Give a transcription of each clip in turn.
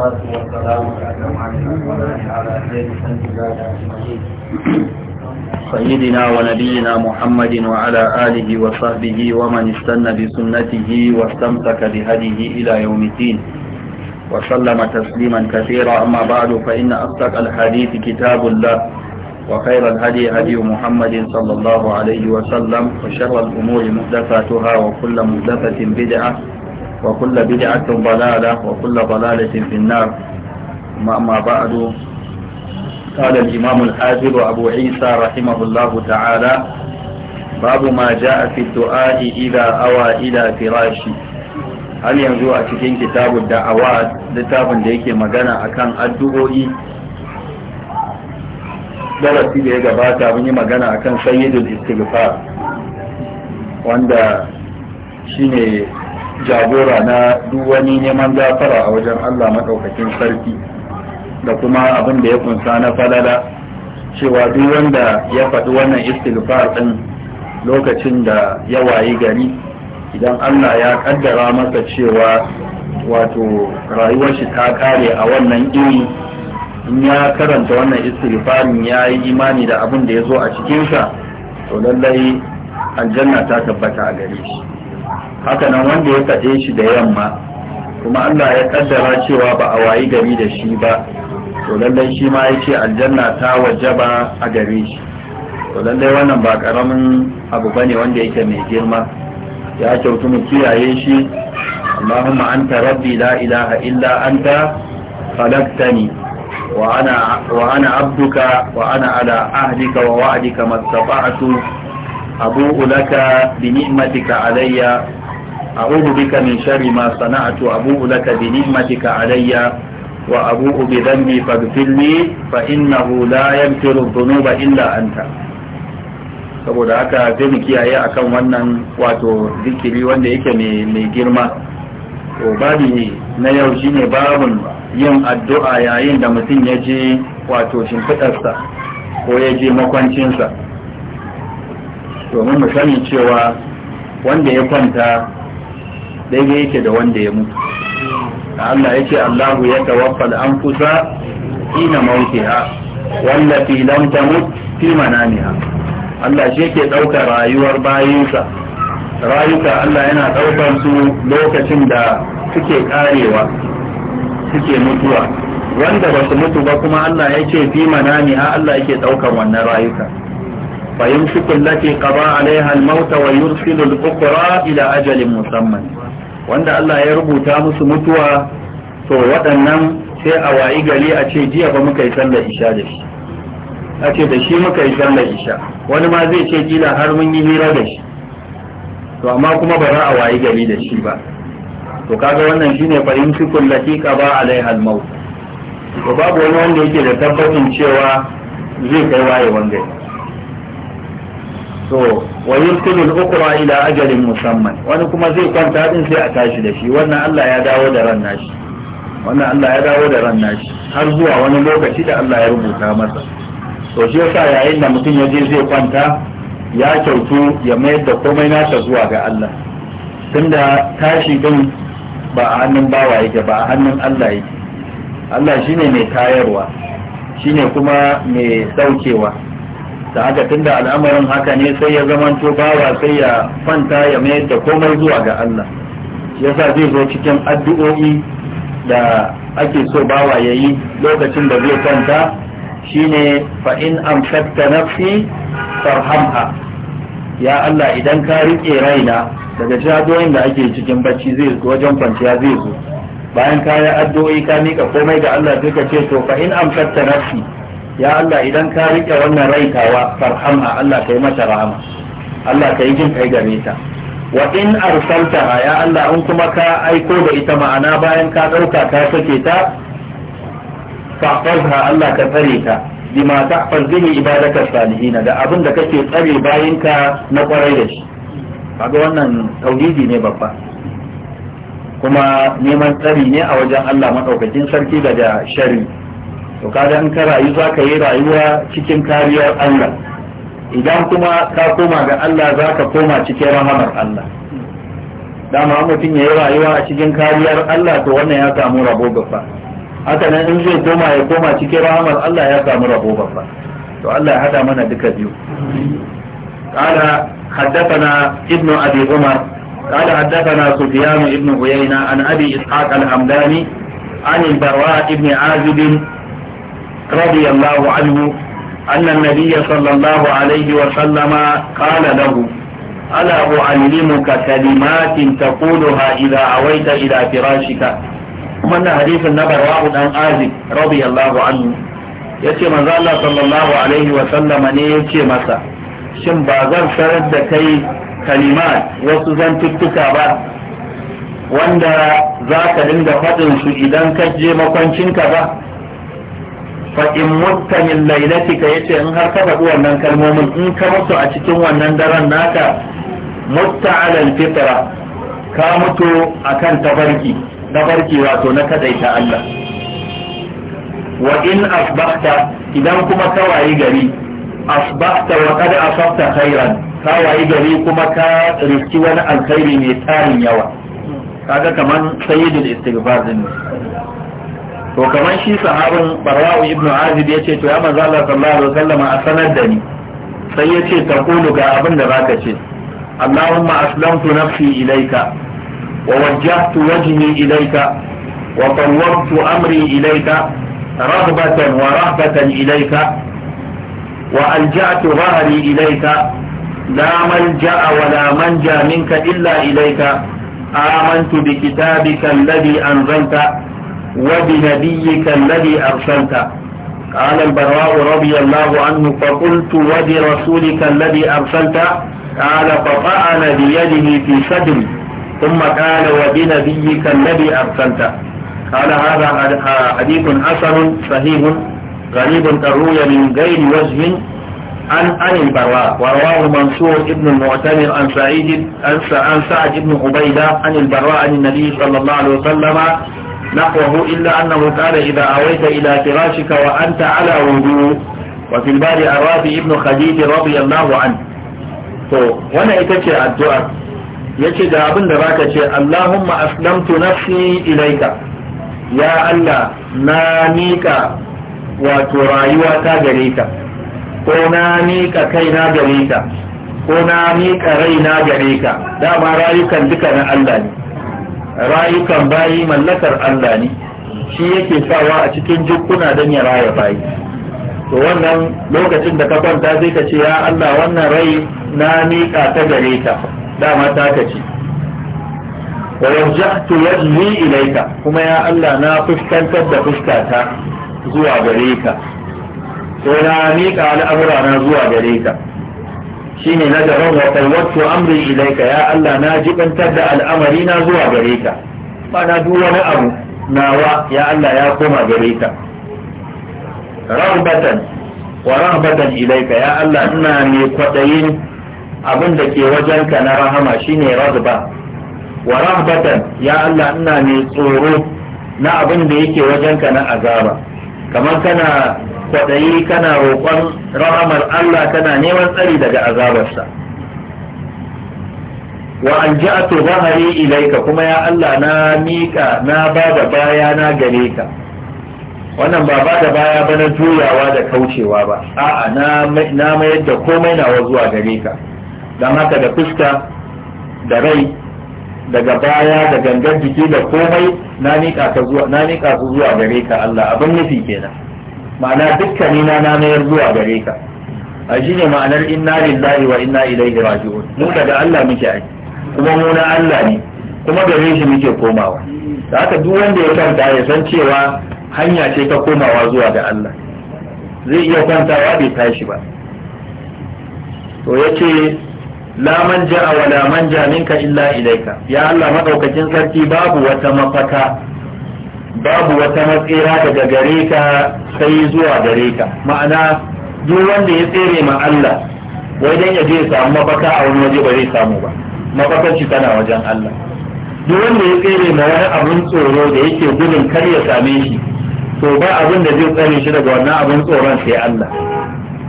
والصلاة والسلام على سيدنا ونبينا محمد وعلى آله وصحبه ومن استنى بسنته واستمسك بهديه إلى يوم الدين وسلم تسليما كثيرا أما بعد فإن أصدق الحديث كتاب الله وخير الهدي هدي محمد صلى الله عليه وسلم وشر الأمور محدثاتها وكل محدثة بدعة وكل بدعة ضلالة وكل ضلالة في النار ما بعد قال الإمام الحافظ أبو عيسى رحمه الله تعالى باب ما جاء في الدعاء إذا أوى إلى فراشي هل ينزو أتكين كتاب الدعوات لتاب ديك مغانا أكان الدعوئي darasi da ya gabata mun yi magana akan sayyidul istighfar wanda shine jagora na duk wani neman gafara a wajen Allah maɗaukakin sarki da kuma abin da ya kunsa na falala cewa duk wanda ya faɗi wannan istilfar ɗin lokacin da ya wayi gari idan Allah ya ƙaddara masa cewa wato rayuwar shi ta kare a wannan iri in ya karanta wannan istilfarin ya yi imani da abin da ya zo a cikinsa to lallai aljanna ta tabbata a gare shi haka nan wanda ya faɗe shi da yamma kuma Allah ya kaddara cewa ba a wayi gari da shi ba to lallai shi ma ya ce aljanna ta wajaba a gare shi to lallai wannan ba karamin abu bane wanda yake mai girma ya kyautu mu kiyaye shi اللهم أنت ربي لا إله إلا أنت خلقتني وأنا, وأنا عبدك وأنا على عهدك ووعدك ما استطعت أبوء لك بنعمتك أعوذ بك من شر ما صنعت أبوء لك بنعمتك علي وأبوء بذنبي فاغفر لي فإنه لا يغفر الذنوب إلا أنت saboda haka sai mu kiyaye akan wannan wato zikiri wanda yake mai girma to babi na yau shine babun yin addu'a yayin da mutum ya je wato shimfiɗarsa ko ya je makwancinsa domin mu sani cewa wanda ya kwanta daidai yake da wanda ya mutu Allah ya ce Allahu ya tawaffa an kusa ina mautiha wallati lam tamut fi manamiha Allah shi ke ɗauka rayuwar bayinsa rayuka Allah yana ɗaukar su lokacin da suke karewa suke mutuwa wanda ba su mutu ba kuma Allah ya ce fi manamiha Allah yake ɗaukar wannan rayuka فيمسك التي قضى wa الموت ويرسل الأخرى ila ajalin musamman. wanda Allah ya rubuta musu mutuwa to waɗannan sai a wayi gari a ce jiya ba muka yi sallar isha da shi a ce da shi muka yi sallar isha wani ma zai ce kila har mun yi hira da shi to amma kuma ba za a wayi gari da shi ba to kaga wannan shine fahimci kullaki ba alai al-maut to babu wani wanda yake da tabbacin cewa zai kai wayewan gari to wa yubtilu al-ukra ila ajalin musamman wani kuma zai kwanta din sai a tashi da shi wannan Allah ya dawo da ran nashi wannan Allah ya dawo da ran nashi har zuwa wani lokaci da Allah ya rubuta masa to shi yasa yayin da mutum ya je zai kwanta ya kyautu ya mayar da komai nasa zuwa ga Allah tunda tashi din ba a hannun bawa yake ba a hannun Allah yake Allah shine mai tayarwa shine kuma mai daukewa da haka tunda al'amarin haka ne sai ya zamanto bawa sai ya fanta ya mayar da komai zuwa ga Allah yasa zai zo cikin addu'o'i da ake so bawa ya yi lokacin da zai kwanta shine fa in amsakta nafsi farhamha ya Allah idan ka rike raina daga jadoyin da ake cikin bacci zai zo wajen kwanciya zai zo bayan ka yi addu'o'i ka mika komai ga Allah sai ka ce to fa in amsakta nafsi ya Allah idan ka rike wannan raitawa farhamha Allah yi mata rahama Allah yi jin kai gare ta wa in arsaltaha ya Allah in kuma ka aiko da ita ma'ana bayan ka ɗauka ka sake ta fa'fazha Allah ka tsare ta bima ta'faz bihi ibadaka salihina da abin da kake tsare bayan ka na kwarai da shi kaga wannan tauhidi ne babba kuma neman tsari ne a wajen Allah madaukakin sarki daga shari'a to kaga in ka rayu za ka yi rayuwa cikin kariyar Allah idan kuma ka koma ga Allah za ka koma cikin rahamar Allah dama mutum ya yi rayuwa a cikin kariyar Allah to wannan ya samu rabo babba haka nan in zai koma ya koma cikin rahamar Allah ya samu rabo babba to Allah ya hada mana duka biyu قال حدثنا ابن أبي عمر قال حدثنا سفيان ابن عيينة عن أبي إسحاق الهمداني عن البراء ابن عازب رضي الله عنه أن النبي صلى الله عليه وسلم قال له ألا أعلمك كلمات تقولها إذا أويت إلى فراشك من حديث النبر واحد عن آزب رضي الله عنه yace manzo Allah sallallahu alaihi wa sallama ne yace masa shin ba zan sanar da kai kalimat wasu zantuttuka ba wanda za ka dinga faɗin su idan ka je makwancinka ba Faɗin in mutta min lailatika in har ka faɗi wannan kalmomin in ka mutu a cikin wannan daren naka mutta alal fitra ka mutu akan tabarki tabarki wato na kadaita Allah wa in asbahta idan kuma ka wayi gari asbahta wa qad asabta khairan ka wayi gari kuma ka riski wani alkhairi mai tarin yawa kaga kaman sayyidul istighfar din to kamar shi sahabin barawu ibn azib yace to ya manzo Allah sallallahu alaihi wasallam a sanar da ni sai yace ce ta kulu ga abin da zaka ce Allahumma aslamtu nafsi ilayka wa wajjahtu wajhi ilayka wa tawwabtu amri ilayka raghbatan wa rahbatan ilayka wa alja'tu dhahri ilaika لا ملجأ ولا منجا منك إلا إليك آمنت بكتابك الذي أنزلت وبنبيك الذي أرسلت قال البراء رضي الله عنه فقلت وبرسولك الذي أرسلت قال فطعن بيده في صدري ثم قال وبنبيك الذي أرسلت قال هذا حديث حسن صحيح غريب تروي من غير وجه عن عن البراء ورواه منصور ابن المعتمر عن سعيد عن سعد بن عبيدة عن البراء عن النبي صلى الله عليه وسلم نحوه إلا أنه قال إذا أويت إلى فراشك وأنت على وضوء وفي البار الرافي ابن خديج رضي الله عنه وانا اتكي الدعاء يكي دابن دراكة اللهم أسلمت نفسي إليك يا الله نانيك وترايوك جريك ونانيك كينا جريك ونانيك رينا جريك دابا رايكا ذكر الله rayukan bayi mallakar Allah ne shi yake sawa a cikin jukuna don ya raya bayi to wannan lokacin da ka kwanta sai ka ce ya Allah wannan rai na miƙa ta gare ka dama ta ka ce wa yarja'tu wajhi ilayka kuma ya Allah na fuskantar da fuskata zuwa gare ka na miƙa al'amura na zuwa gare ka shine na daban wa fawwatu amri ilaika ya Allah na jibantar da al'amari na zuwa gare ka bana duk wani abu nawa ya Allah ya koma gare ka rahbatan wa rahbatan ilaika ya Allah ina ne kwadayin abin da ke wajenka na rahama shine razba wa rahbatan ya Allah ina ne tsoro na abin da yake wajenka na azaba kamar kana kwaɗayi kana roƙon rahamar Allah kana neman tsari daga azabarsa wa an ja'atu zahari ilaika kuma ya Allah na miƙa na ba da baya na gare ka wannan ba ba da baya ba na juyawa da kaucewa ba a'a na mayar da komai nawa zuwa gare ka don haka da fuska da rai daga baya da gangar jiki da komai na nika ka zuwa na nika su zuwa gare ka Allah abin nufi kenan ma'ana dukkanina na na mayar zuwa gare ka a shi ne ma'anar inna lillahi wa inna ilaihi raji'un mu daga Allah muke ai kuma mu na Allah ne kuma gare shi muke komawa da haka duk wanda ya kanta ya san cewa hanya ce ta komawa zuwa ga Allah zai iya kwantawa bai tashi ba to yace la ja'a wa la manja minka illa ilaika ya Allah madaukakin sarki babu wata mafaka babu wata matsira daga gare ka sai zuwa gare ka ma'ana duk wanda ya tsere ma Allah wai dan ya je ya samu mafaka a wani waje ba zai samu ba mafakar shi tana wajen Allah duk wanda ya tsere ma wani abun tsoro da yake gudun kar ya same shi to ba abin da zai tsare shi daga wannan abun tsoron sai Allah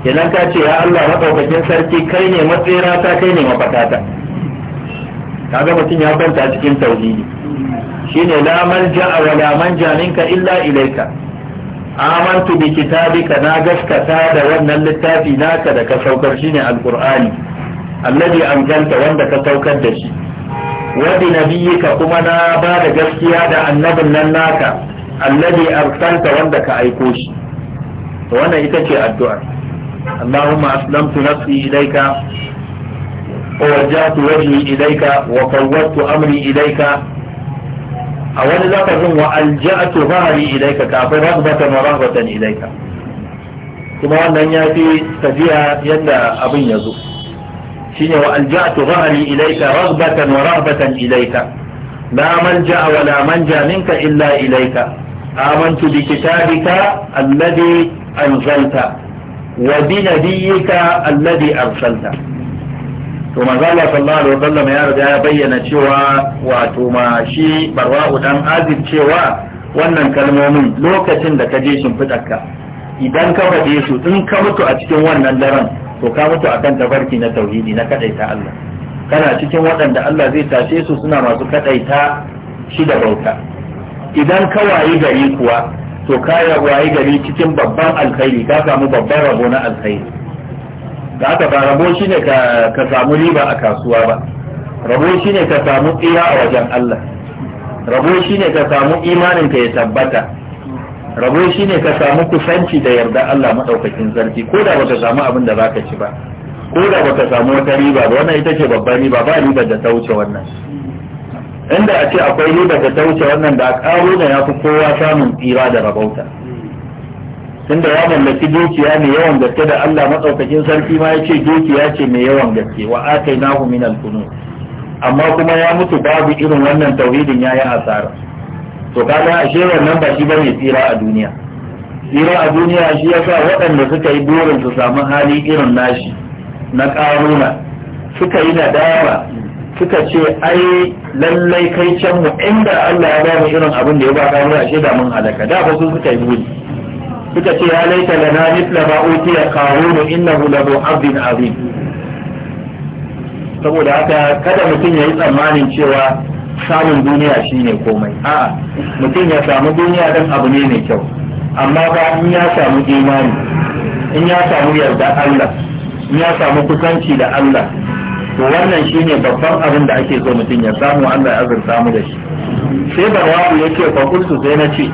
kenan ka ce ya Allah maɗaukakin sarki kai ne matsera ta kai ne mafakata kaga mutum ya kwanta cikin tauhidi shine la malja'a wa la manja minka illa ilaika amantu bi kitabika na gaskata da wannan littafi naka da ka saukar shine alqur'ani alladhi anzalta wanda ka saukar da shi wa bi nabiyyika kuma na ba da gaskiya da annabin nan naka alladhi arsalta wanda ka aiko shi to wannan ita ce addu'a اللهم أسلمت نفسي إليك ووجهت وجهي إليك وفوضت أمري إليك a wani lafazin wa alja'atu zahari ilaika kafin ragbatan wa ragbatan ilaika kuma wannan ya fi tafiya yadda abin ya zo shine wa alja'atu zahari ilaika ragbatan wa ragbatan ilaika la manja wa la illa ilaika amantu bi kitabika anzalta wa bi nabiyyika alladhi arsalta to manzo Allah sallallahu alaihi wasallam ya riga ya bayyana cewa wato ma shi barwa'u dan azib cewa wannan kalmomin lokacin da ka je shimfiɗarka idan ka faɗe su in ka mutu a cikin wannan daren to ka mutu akan tabarki na tauhidi na kadaita Allah kana cikin waɗanda Allah zai tashe su suna masu kadaita shi da bauta idan ka wayi gari kuwa to kaya waye gari cikin babban alkhairi ka samu babban rabo na alkhairi da aka ba rabo shi ne ka samu riba a kasuwa ba rabo shi ne ka samu tsira a wajen Allah rabo shi ne ka samu imanin ka ya tabbata rabo shi ne ka samu kusanci da yarda Allah madaukakin sarki ko da baka samu abin da zaka ci ba ko da baka samu wata riba ba wannan ita ce babban riba ba riba da ta wuce wannan inda a ce akwai riba da ta wuce wannan da karuna ya fi kowa samun tsira da rabauta tunda ya mallaki dukiya mai yawan gaske da Allah madaukakin sarki ma ya ce dukiya ce mai yawan gaske wa atainahu min al amma kuma ya mutu babu irin wannan tauhidin yayi asara to kaga ashe wannan ba shi bane tsira a duniya tsira a duniya shi yasa waɗanda suka yi burin su samu hali irin nashi na ƙaruna suka yi nadama suka ce ai lallai kai can mu inda Allah ya ba mu irin abin da ya ba kamar ashe da mun halaka da ba su suka yi gudu suka ce ya laita lana mithla ma utiya qarun innahu bu abdin azim saboda haka kada mutum ya yi tsammanin cewa samun duniya shine komai a'a mutum ya samu duniya dan abu ne mai kyau amma ba in ya samu imani in ya samu yarda Allah in ya samu kusanci da Allah to wannan shine babban abin da ake so mutum ya samu Allah ya azurta mu da shi sai barwabu ya ce fa kultu sai na ce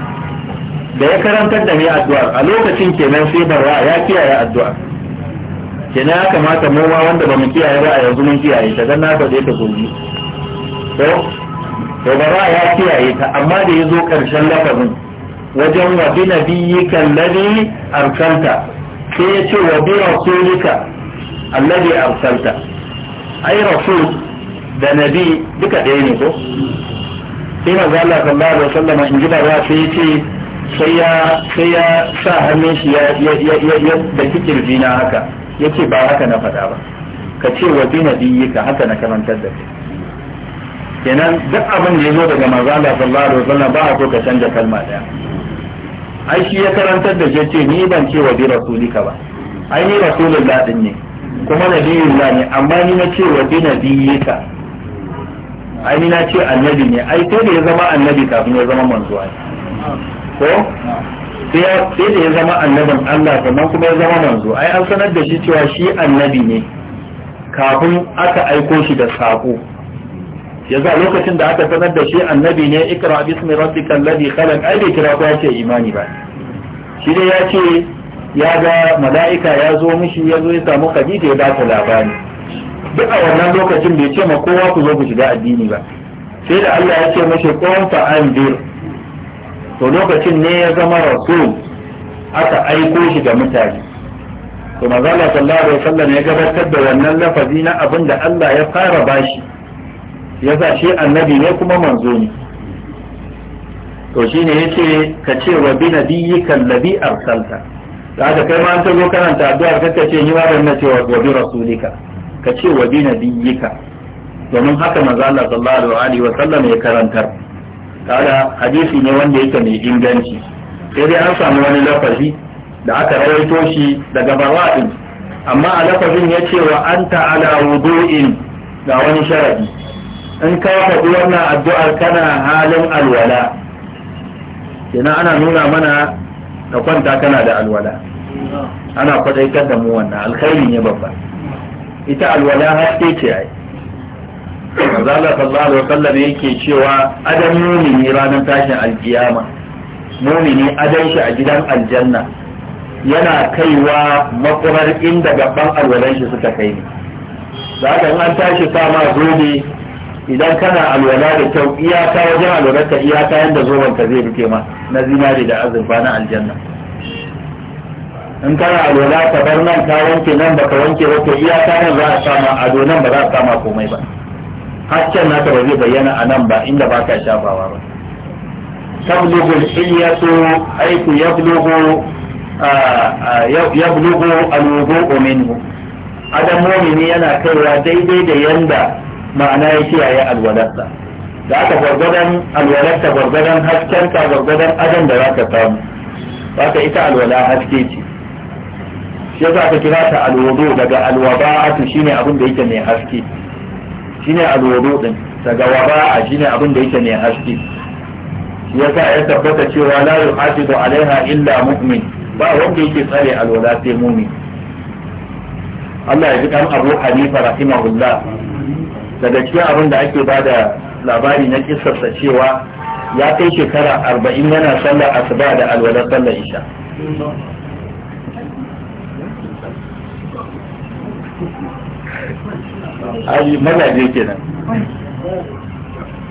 da ya karantar da ni addu'a a lokacin kenan sai barwa ya kiyaye addu'a kenan ya kamata mu ma wanda bamu kiyaye ba a yanzu mun kiyaye ta dan na faɗe ta gobe to to barwa ya kiyaye ta amma da ya zo karshen lafazin wajen wa bi nabiyyika alladhi arsalta sai ya ce wa bi rasulika alladhi arsalta ai rasul da nabi duka ɗaya ne ko sai manzo Allah sallallahu alaihi wasallam in ji barwa sai yace sai ya sai ya sa hannun shi ya ya ya ya da kirji na haka yace ba haka na faɗa ba ka ce wa bi nabiyyika haka na karantar da kai kenan duk abin da ya zo daga manzo Allah sallallahu alaihi wasallam ba a so ka canja kalma daya ai shi ya karantar da shi ce ni ban ce wa bi rasulika ba ai ni rasulullah din ne kuma nabiyun la ne amma ni na ce wa bi nabiyyika ai ni na ce annabi ne ai sai da ya zama annabi kafin ya zama manzo ai ko sai da ya zama annabin Allah sannan kuma ya zama manzo ai an sanar da shi cewa shi annabi ne kafin aka aiko shi da sako a lokacin da aka sanar da shi annabi ne ikra bismi rabbikal ladhi khalaq ai bai kira ko ya ce imani ba shi dai ya ce ya ga mala'ika ya zo mishi ya zo ya samu khadija ya ba ta labari duk a wannan lokacin bai ce ma kowa ku zo ku shiga addini ba sai da Allah ya ce mashi qum fa anzir to lokacin ne ya zama rasul aka aiko shi ga mutane to manzo Allah sallallahu alaihi wasallam ya gabatar da wannan lafazi na abin da Allah ya fara bashi ya sa shi annabi ne kuma manzo ne to shine yace ka ce wa bi nabiyyika allazi arsalta da haka kai ma an ta zo karanta addu'a ka ce ni ma na cewa wa bi rasulika ka ce wa bi nabiyyika domin haka manzo Allah sallallahu alaihi wa sallam ya karantar kada hadisi ne wanda yake mai inganci sai dai an samu wani lafazi da aka rawaito shi daga bara'in amma a lafazin ya ce wa anta ala wudu'in ga wani sharadi in ka faɗi wannan addu'ar kana halin alwala kenan ana nuna mana ka kwanta kana da alwala ana kwadaitar da mu wannan alkhairi ne babba ita alwala haske ce ai Allah sallallahu alaihi wasallam yake cewa adam mumini ranar tashin alkiyama mumini adam shi a gidan aljanna yana kaiwa makurar inda gaban alwalan shi suka kai ne za ka an tashi sama zobe idan kana alwala da kyau iyaka wajen alwalar ka iyaka yadda zoban ka zai rufe ma na zinari da azurfa na aljanna in kana alwala ka bar nan ka wanke nan baka wanke ba to iyaka nan za a sama a nan ba za a sama komai ba hasken naka ba zai bayyana a nan ba inda ba ka shafawa ba tablugu ya ilyatu aiku yablugu yablugu al-wudu'u minhu adam mu'mini yana kaiwa daidai da yanda ma'ana ya kiyaye alwalarsa da aka gwargwadon alwalarsa gwargwadon haskenta gwargwadon adam da za ka samu Ba ka ita alwala haske ce shi za ka kira ta alwudu daga alwaba'atu shine abin da yake mai haske shine alwudu din daga waba'a shine abin da yake mai haske shi yasa ya tabbata cewa la yuhasibu alaiha illa mu'min ba wanda yake tsare alwala sai mu'min Allah ya ji kan Abu Hanifa rahimahullah daga cikin abin da ake bada labari na kisarsa cewa ya kai shekara arba'in yana sallar asuba da alwala sallar isha aji magaje kenan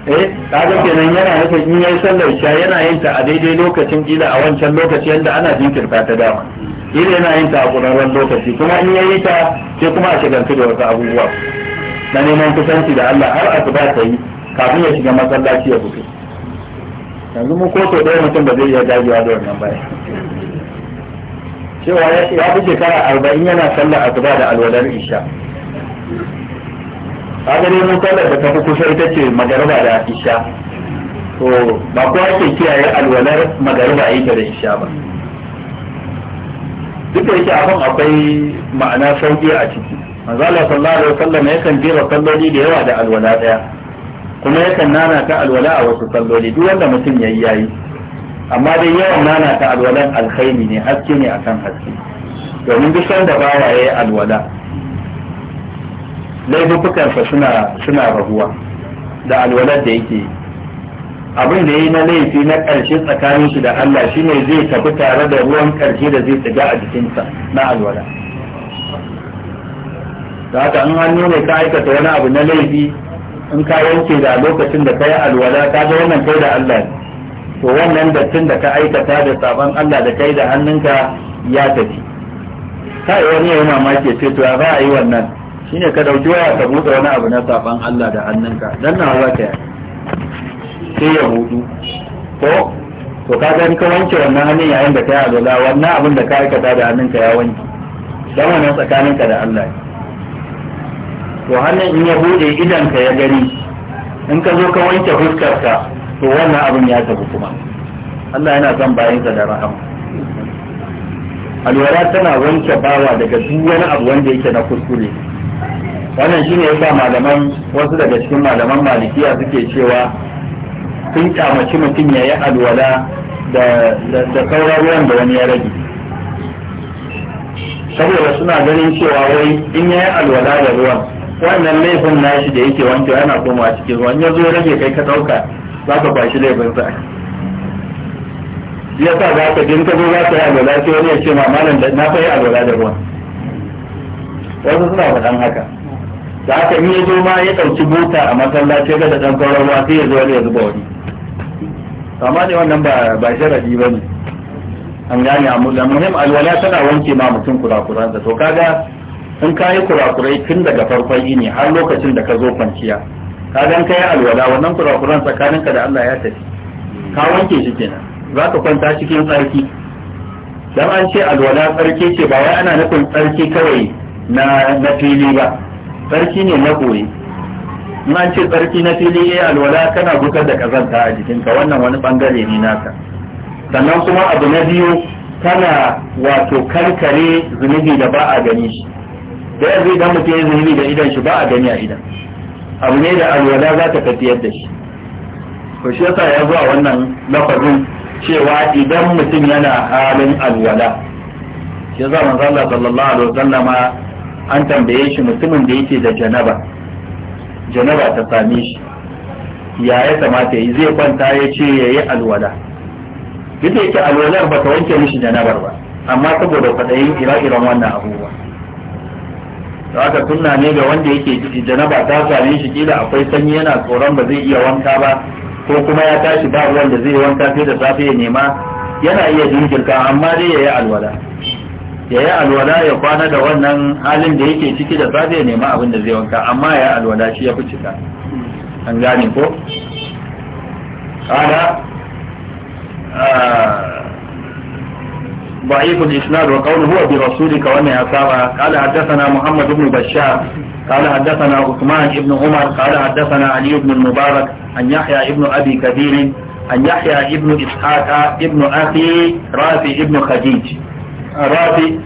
eh kaga kenan yana nufin in yayi sallar isha yana yin ta a daidai lokacin kila a wancan lokaci yanda ana jinkirta ta dama kila yana yin ta a kurarren lokaci kuma in yayi ta sai kuma a shiganta da wasu abubuwa na neman kusanci da Allah har asuba ta yi kafin ya shiga masallaci ya fito yanzu mu ko to ɗaya mutum ba zai iya dagewa da wannan baya cewa ya fi shekara arba'in yana sallar asuba da alwalar isha kaga dai mun sallar da tafi kusa ita ce magariba da isha to ba kowa ake kiyaye alwalar magariba ita da isha ba duk da yake abin akwai ma'ana sauki a ciki manzala sallallahu alaihi wasallam yakan jera salloli da yawa da alwala daya kuma yakan nana ta alwala a wasu salloli duk wanda mutum yayi yayi amma dai yawan nana ta alwalan alkhairi ne haske ne akan haske domin duk sanda baya yayi alwala laifukansa suna suna raguwa da alwalar da yake yi abin da ya yi na laifi na ƙarshe tsakanin shi da Allah shine zai tafi tare da ruwan ƙarshe da zai tsiga a jikinsa na alwala da haka in hannu ne ka aikata wani abu na laifi in ka yanke da lokacin da ka yi alwala ka ga wannan kai da Allah to wannan dattin da ka aikata da sabon Allah da kai da hannunka ya tafi yi wani yayi mamaki ce to ya ba a yi wannan shine ka dauki waya ka buɗe wani abu na sabon Allah da hannunka dan na za ka yi sai ya hudu ko to ka ga ka wanke wannan hannun yayin da ka yi alwala wannan abin da ka aikata da hannunka ya wanke dan wannan tsakaninka da Allah ne to hannun in ya bude idanka ya gani in ka zo ka wanke fuskarka to wannan abin ya tafi kuma Allah yana son bayansa da rahama alwala tana wanke bawa daga duk wani abu wanda yake na kuskure wannan shine yasa malaman wasu daga cikin malaman malikiya suke cewa sun kamaci mutum ya yi alwala da sauran ruwan da wani ya rage saboda suna ganin cewa wai in ya yi alwala da ruwan wannan laifin nashi da yake wanke yana komawa cikin ruwan ya zo rage kai ka ɗauka za ka bashi laifin sa ya sa za ka dinka zo za ka yi alwala sai wani ya ce ma malam da na fa yi alwala da ruwan wasu suna faɗan haka da haka in ya zo ma ya ɗauki mota a masallaci ga da ɗan ruwa sai ya zo wani ya zuba wani amma ne wannan ba ba sharadi ba ne an gane a muhim alwala tana wanke ma mutum da to kaga in ka yi kurakurai tun daga farkon yini har lokacin da ka zo kwanciya ka dan kai alwala wannan kurakuran tsakaninka da Allah ya tafi ka wanke shi kenan za ka kwanta cikin tsarki dan an ce alwala tsarki ce ba wai ana nufin tsarki kawai na na fili ba tsarki ne na koyi in an ce tsarki na fili yayi eh, alwala kana gusar da kazanta a jikinka wannan wani bangare ne naka sannan kuma abu na biyu kana wato karkare zunubi da ba a gani shi da yanzu idan mutum ya zunubi da idan shi ba a gani a idan abu ne da alwala za ta tafiyar da shi to shi yasa ya zuwa wannan lafazin cewa idan mutum yana halin alwala shi yasa manzo Allah sallallahu alaihi wasallama an tambaye shi mutumin da yake da janaba janaba ta same shi ya ya kamata yi zai kwanta ya ce ya yi alwala duk da yake alwalar ba ta wanke mishi janabar ba amma saboda kwaɗayin ire-iren wannan abubuwa aka tunna ne ga wanda yake janaba ta same shi kila akwai sanyi yana tsoron ba zai iya wanka ba ko kuma ya tashi ba ruwan da zai wanka sai da safe ya nema yana iya jinkirka amma dai ya alwala ya alwala ya kwana da wannan halin da yake ciki da safe ya nema abin da zai wanka amma ya yi alwala shi ya fi cika an gane ko kada ضعيف الإسناد وقوله هو برسولك وما يصاب قال حدثنا محمد بن بشار قال حدثنا عثمان بن عمر قال حدثنا علي بن المبارك عن يحيى بن أبي كثير عن يحيى بن إسحاق بن أخي رافي بن خديج رافي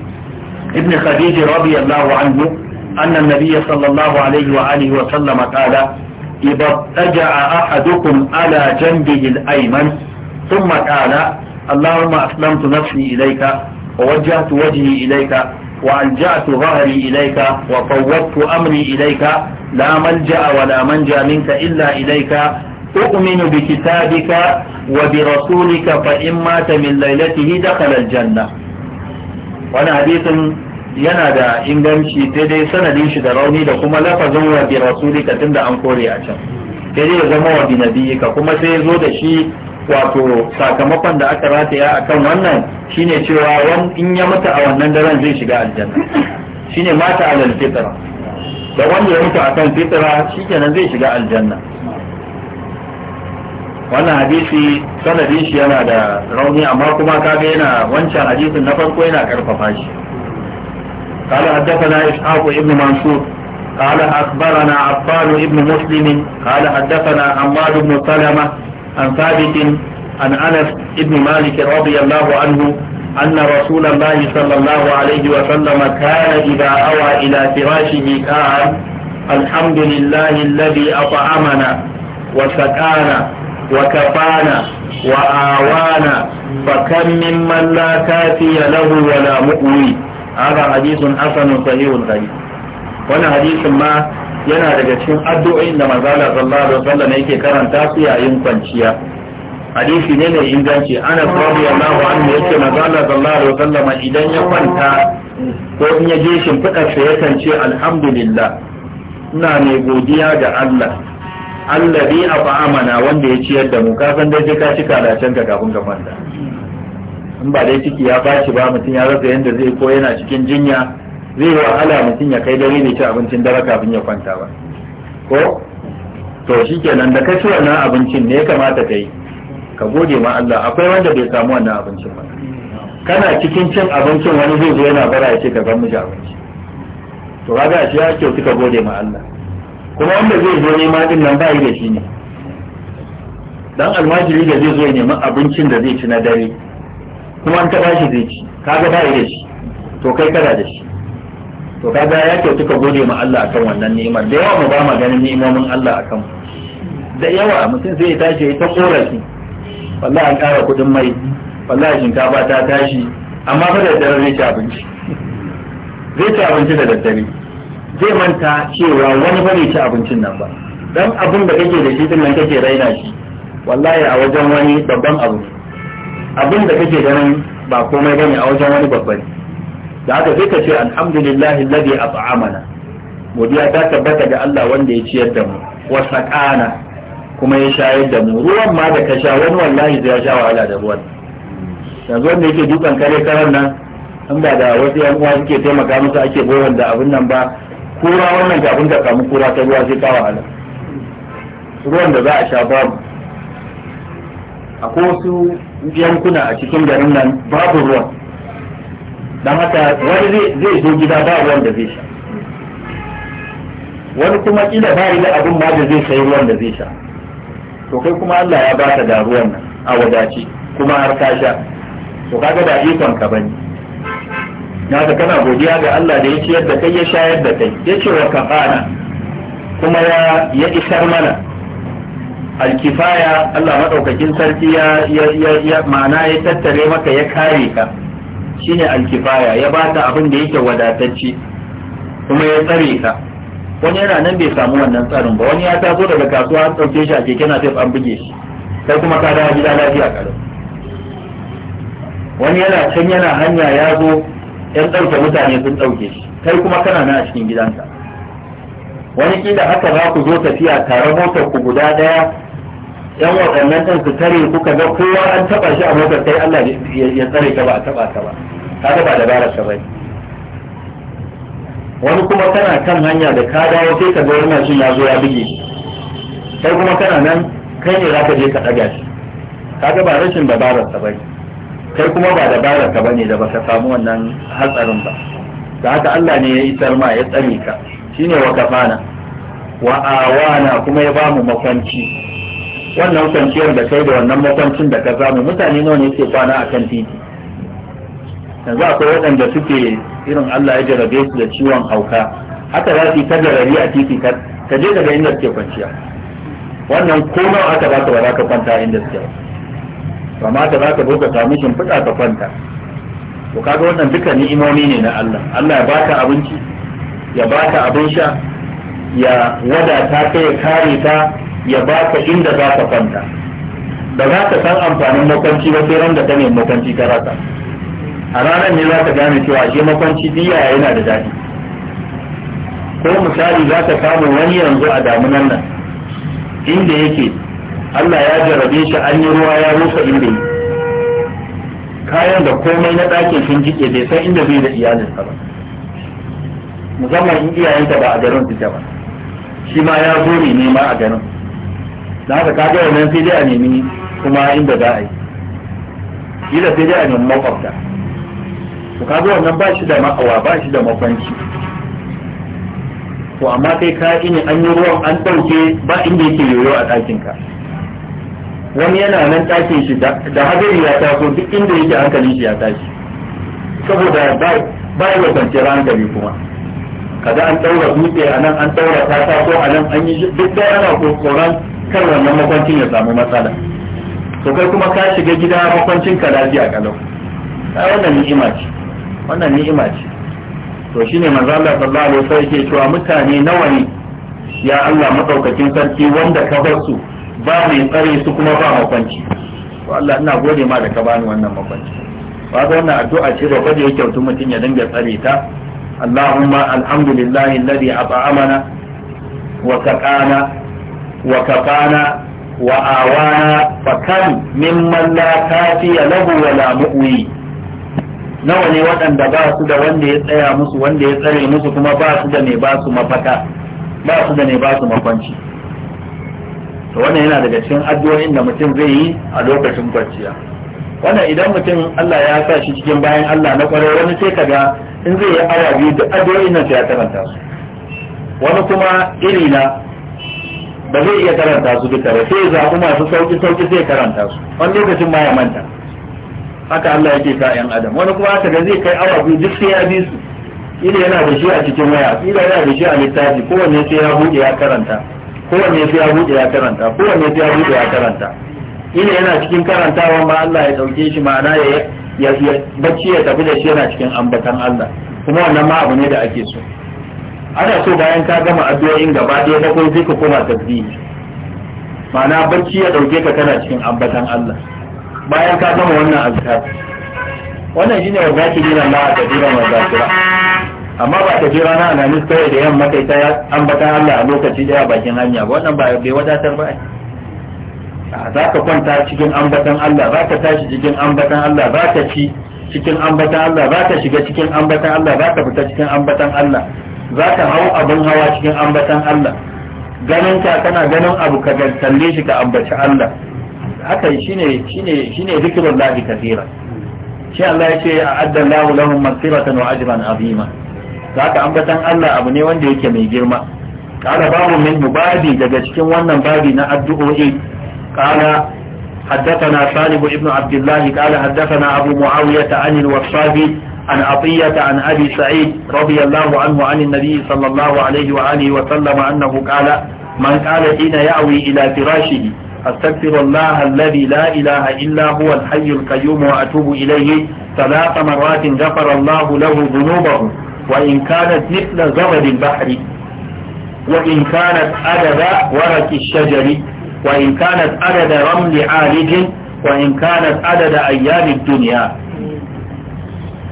ابن خديج رضي الله عنه أن النبي صلى الله عليه وآله وسلم قال إذا اتجع أحدكم على جنبه الأيمن ثم قال اللهم أسلمت نفسي إليك ووجهت وجهي إليك وألجأت ظهري إليك وفوضت أمري إليك لا ملجأ ولا منجأ منك إلا إليك أؤمن بكتابك وبرسولك فإن مات من ليلته دخل الجنة وأنا حديث yana da inganci sai dai sanadin shi da rauni da kuma lafazin wa bi rasulika tunda an kore a can sai dai ya zama wa bi nabiyika kuma sai ya zo da shi wato sakamakon da aka rataya akan wannan shine cewa in ya mutu a wannan daren zai shiga aljanna shine mata alal fitra da wanda ya mutu akan fitra kenan zai shiga aljanna wannan hadisi sanadin shi yana da rauni amma kuma kaga yana wancan hadisin na farko yana karfafa shi قال حدثنا إسحاق ابن منصور قال أخبرنا عفان ابن مسلم قال حدثنا حماد بن سلمة عن ثابت عن أنس بن مالك رضي الله عنه أن رسول الله صلى الله عليه وسلم كان إذا أوى إلى فراشه قال الحمد لله الذي أطعمنا وسكانا وكفانا وآوانا فكم ممن لا كافي له ولا مؤوي هذا حديث حسن صحيح غريب وانا حديث ما yana daga cikin addu'o'in da manzala sallallahu alaihi wasallam yake karanta su yayin kwanciya hadisi ne mai inganci ana radiyallahu anhu yake manzala sallallahu alaihi wasallam idan ya kwanta ko in ya je shimfiɗar sa ya ce alhamdulillah ina mai godiya ga Allah allazi afa'amana wanda ya ciyar da mu ka san dai ka ci kalacen ka kafin ka kwanta in ba dai ciki ya baci ba mutum ya rasa yanda zai ko yana cikin jinya zai yi wahala mutum ya kai dare ne ci abincin dare kafin ya kwanta ba ko to shikenan da ka ci wannan abincin ne ya kamata ka yi ka gode ma Allah akwai wanda bai samu wannan abincin ba kana cikin cin abincin wani zai zo yana bara ya ce ka gan miji abinci to ga shi ya ce ka gode ma Allah kuma wanda zai zo ma din nan ba da shi ne dan almajiri da zai zo ya nemi abincin da zai ci na dare kuma an taɓa shi zai ci kaga ba da shi to kai kana da shi to kaga ya ke suka gode ma Allah akan wannan ni'imar da yawa mu ba ma ganin ni'imomin Allah akan da yawa mutum zai tashi ta korafi wallahi an ƙara kuɗin mai wallahi shinkafa ta tashi amma fa da daddare zai ci abinci zai ci abinci da daddare zai manta cewa wani ba zai ci abincin nan ba dan abin da kake da shi din nan kake raina shi wallahi a wajen wani babban abu abin da kake ganin ba komai bane a wajen wani babban da haka sai ka ce alhamdulillahi alladhi at'amana godiya ta tabbata ga Allah wanda ya ciyar da mu wa sakana kuma ya shayar da mu ruwan ma da ka sha wani wallahi zai sha wahala da ruwan yanzu wanda yake dukan kare karan nan an ba da wasu yan uwa suke taimaka musu ake bohon da abin nan ba kura wannan kafin ka kamu kura ta ruwa sai ka wahala ruwan da za a sha babu akwai wasu yankuna a cikin garin nan babu ruwan don haka wani zai zo gida ba wanda zai sha wani kuma kila ba da abin ma da zai sayi ruwan da zai sha to kai kuma Allah ya baka da ruwan nan a wadaci kuma har ka sha to kaga da ikon ka bane naka kana godiya ga Allah da ya ciyar da kai ya shayar da kai ya ce wa kafana kuma ya ya isar mana alkifaya Allah madaukakin sarki ya ya ya ma'ana ya tattare maka ya kare ka shine alkifaya ya ba ta abin da yake wadatacce kuma ya tsare ka wani yana nan bai samu wannan tsarin ba wani ya taso daga kasuwa an ɗauke shi a keke na an buge shi kai kuma ka dawo gida lafiya karo wani yana can yana hanya ya zo yan ɗauke mutane sun ɗauke shi kai kuma kana nan a cikin gidanka wani kila haka za ku zo tafiya tare motar ku guda ɗaya yan waɗannan ɗan su tare kuka ga kowa an taɓa shi a motar sai Allah ya tsare ka ba a taɓa ka ba ga ba dabarar ka bai wani kuma kana kan hanya da ka dawo sai ka ga wannan shi ya zo ya buge sai kuma kana nan kai ne za ka je ka ɗaga shi ga ba rashin dabarar ka bai kai kuma ba dabarar ka bane da baka samu wannan hatsarin ba da haka Allah ne ya yi ma ya tsare ka shine wa kafana wa awana kuma ya bamu makwanci wannan kwanciyar da kai da wannan makwancin da ka samu mutane nawa ne ke kwana a kan titi yanzu akwai waɗanda suke irin Allah ya jarabe su da ciwon hauka haka za su yi ta jarabi a titi ka je daga inda suke kwanciya wannan komai aka ba ka ba za ka kwanta inda suke ba ma ka za ka zo ka samu shimfiɗa ka kwanta to kaga wannan duka ni'imomi ne na Allah Allah ya baka abinci ya baka abin sha ya wadata ka ya kare ka ya ba ka inda za ka kwanta ba za ka san amfanin makwanci ba sai ran da ta nemi makwanci ka rasa a ranar ne za ka gane cewa shi makwanci biya yana da daɗi ko misali za ka samu wani yanzu a damunan nan inda yake Allah ya jarabe shi an yi ruwa ya rusa inda yi kayan da komai na ɗakin sun jike bai san inda bai da iyalinsa ba musamman in iyayenta ba a garin su ba shi ma ya zo ne nema a garin da haka ka gaya nan sai dai a nemi kuma inda za a yi kila sai dai a nemi makwabta to ka gaya wannan ba shi da ma'awa ba shi da makwanci to amma kai ka ne an yi ruwan an ɗauke ba inda yake yoyo a ɗakinka wani yana nan ɗakin shi da hadari ya taso duk inda yake hankalin shi ya tashi saboda ba yi wa kwanciyar hankali kuma kaga an ɗaura dutse a nan an ɗaura taso a nan an yi duk da ana tsoron kar wannan makwancin ya samu matsala to kai kuma ka shiga gida makwancin ka lafiya kalau a wannan ni'ima ce wannan ni'ima ce to shine manzo Allah sallallahu alaihi wasallam yake cewa mutane nawa ne ya Allah madaukakin sarki wanda ka bar su ba mai tsare su kuma ba makwanci to Allah ina gode ma da ka bani wannan makwanci ba ga wannan addu'a ce ba da yake kyautu mutum ya dinga tsare ta Allahumma alhamdulillahi alladhi at'amana wa saqana وكفانا وآوانا فكم ممن لا كافي له ولا مؤوي nawa ne waɗanda ba su da wanda ya tsaya musu wanda ya tsare musu kuma ba su da ne ba su mafaka ba su da ne ba su mafanci to wannan yana daga cikin addu'o'in da mutum zai yi a lokacin kwanciya wannan idan mutum Allah ya sa shi cikin bayan Allah na kwarai wani sai kaga in zai yi awa biyu da addu'o'in nan sai ya karanta su wani kuma iri na ba zai iya karanta su duka ba sai zaɓi masu sauƙi-sauƙi sai karanta su wani lokacin ma ya manta haka Allah yake sa yan adam wani kuma haka da zai kai awa biyu duk sai ya bi su ila yana da shi a cikin waya ila yana da shi a littafi kowanne sai ya buɗe ya karanta kowanne sai ya buɗe ya karanta kowanne sai ya buɗe ya karanta ila yana cikin karantawa ma Allah ya ɗauke shi ma'ana ya ya bacci ya tafi da shi yana cikin ambatan Allah kuma wannan ma abu ne da ake so ana so bayan ka gama addu'o'in gaba ɗaya kai sai ka koma tasbihi ma'ana bacci ya ɗauke ka kana cikin ambatan Allah bayan ka gama wannan azkar wannan shine wanda zaki dina Allah ta dira ma zakira amma ba ta jira na ana nista da yamma kai ta ambatan Allah a lokaci daya bakin hanya ba wannan ba bai wadatar ba za ka kwanta cikin ambatan Allah za ka tashi cikin ambatan Allah za ka ci cikin ambatan Allah za ka shiga cikin ambatan Allah za ka fita cikin ambatan Allah za ta hau abin hawa cikin ambatan Allah ganin ka kana ganin abu ka kalle shi ka ambaci Allah hakan shine shine shine zikrul lahi kathira shi Allah ya ce a'adda Allahu lahum maghfiratan wa ajran azima za ka ambatan Allah abu ne wanda yake mai girma قال babu من mubadi daga cikin wannan babi na addu'o'i قال حدثنا صالح ابن عبد الله قال حدثنا ابو معاويه عن الوصابي عن عطية عن أبي سعيد رضي الله عنه عن النبي صلى الله عليه وآله وسلم أنه قال من قال حين يأوي إلى فراشه أستغفر الله الذي لا إله إلا هو الحي القيوم وأتوب إليه ثلاث مرات غفر الله له ذنوبه وإن كانت مثل زبد البحر وإن كانت أدب ورق الشجر وإن كانت أدب رمل عالج وإن كانت أدب أيام الدنيا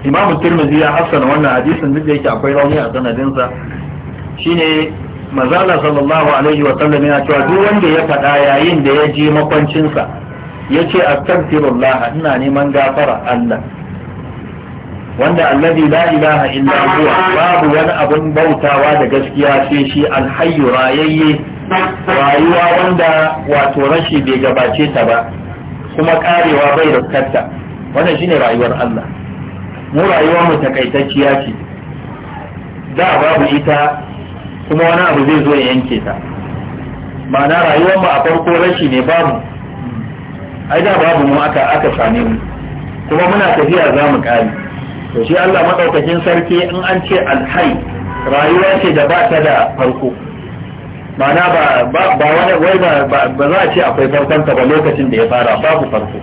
imamu turmizi ya hassana wannan hadisin duk da yake akwai rauni a sanadinsa shine mazala sallallahu alaihi wa sallam yana cewa duk wanda ya faɗa yayin da ya je makwancinsa ya ce astaghfirullah ina neman gafara Allah wanda alladhi la ilaha illa huwa babu wani abun bautawa da gaskiya sai shi alhayyu rayayye rayuwa wanda wato rashi bai gabace ta ba kuma karewa bai da wannan shine rayuwar Allah mu rayuwa mu takaitacciya ce da babu ita kuma wani abu zai zo ya yanke ta na rayuwar mu a farko rashi ne babu ai da babu mu aka aka same mu kuma muna tafiya za mu kare to shi Allah madaukakin sarki in an ce alhai rayuwa ce da ba ta da farko ma'ana ba ba ba wani wai ba ba za a ce akwai farkon ta ba lokacin da ya fara babu farko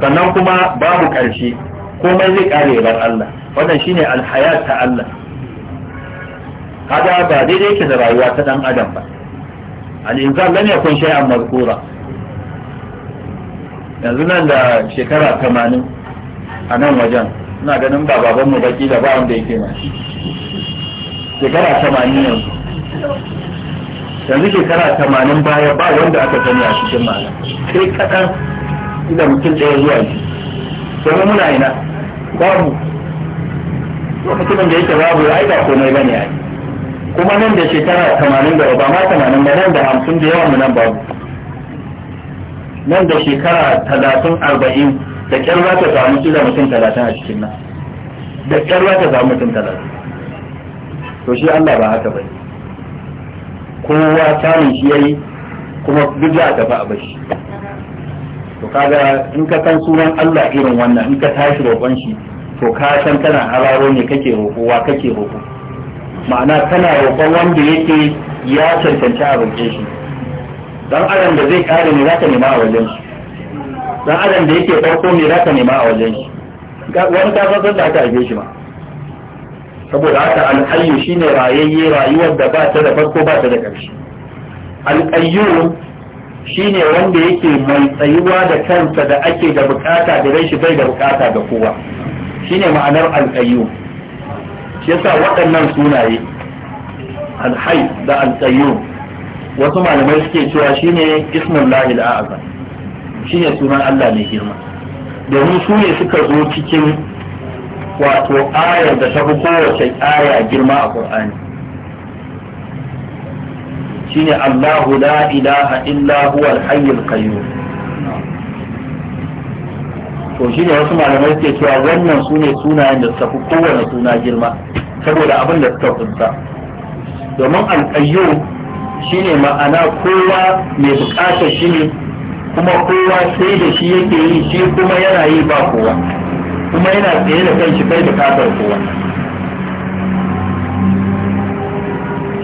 sannan kuma babu ƙarshe komai zai kare bar Allah wannan shine alhayat ta Allah kaga ba daidai yake da rayuwa ta dan adam ba al-insan lam yakun shay'an mazkura yanzu nan da shekara 80 a nan wajen ina ganin ba baban mu baki da ba wanda yake mashi shekara 80 yanzu yanzu shekara 80 baya ba wanda aka sani a cikin malam sai kadan idan mutum ɗaya zuwa biyu Sai muna ina babu to mutumin da yake babu ai ba komai bane ai kuma nan da shekara tamanin da ba ma tamanin ba nan da hamsin da yawan mu nan babu nan da shekara talatin arba'in da kyar za ta samu kila mutum talatin a cikin nan da kyar za ta samu mutum talatin to shi Allah ba haka bane kowa samun shi yayi kuma duk za a tafi a bashi to kaga in ka san sunan Allah irin wannan in ka tashi roƙon shi to ka san kana hararo ne kake roƙo wa kake roƙo ma'ana kana roƙon wanda yake ya cancanci a roƙe shi dan adam da zai kare ne zaka nema a wajen shi dan adam da yake farko ne zaka nema a wajen shi wani ka san da aka aje shi ma saboda haka alhayyu shine rayayye rayuwar da ba ta da farko ba ta da ƙarshe alqayyum shine wanda yake mai tsayuwa da kansa da ake da bukata da rai shi bai da bukata ga kowa shine ma'anar alqayyum shi yasa waɗannan sunaye alhai da alqayyum wasu malamai suke cewa shine ismullahi Shi shine sunan Allah mai girma domin su ne suka zo cikin wato ayar da ta fi kowace aya girma a Qur'ani shine Allahu la ilaha illa huwa al-hayyul qayyum to shine wasu malamai suke cewa wannan sune sunayen da suka fi kowane suna girma saboda abin da suka kunsa domin al-qayyum shine ma'ana kowa mai bukatar shi ne kuma kowa sai da shi yake yi shi kuma yana yi ba kowa kuma yana tsaye da kanshi kai bukatar kowa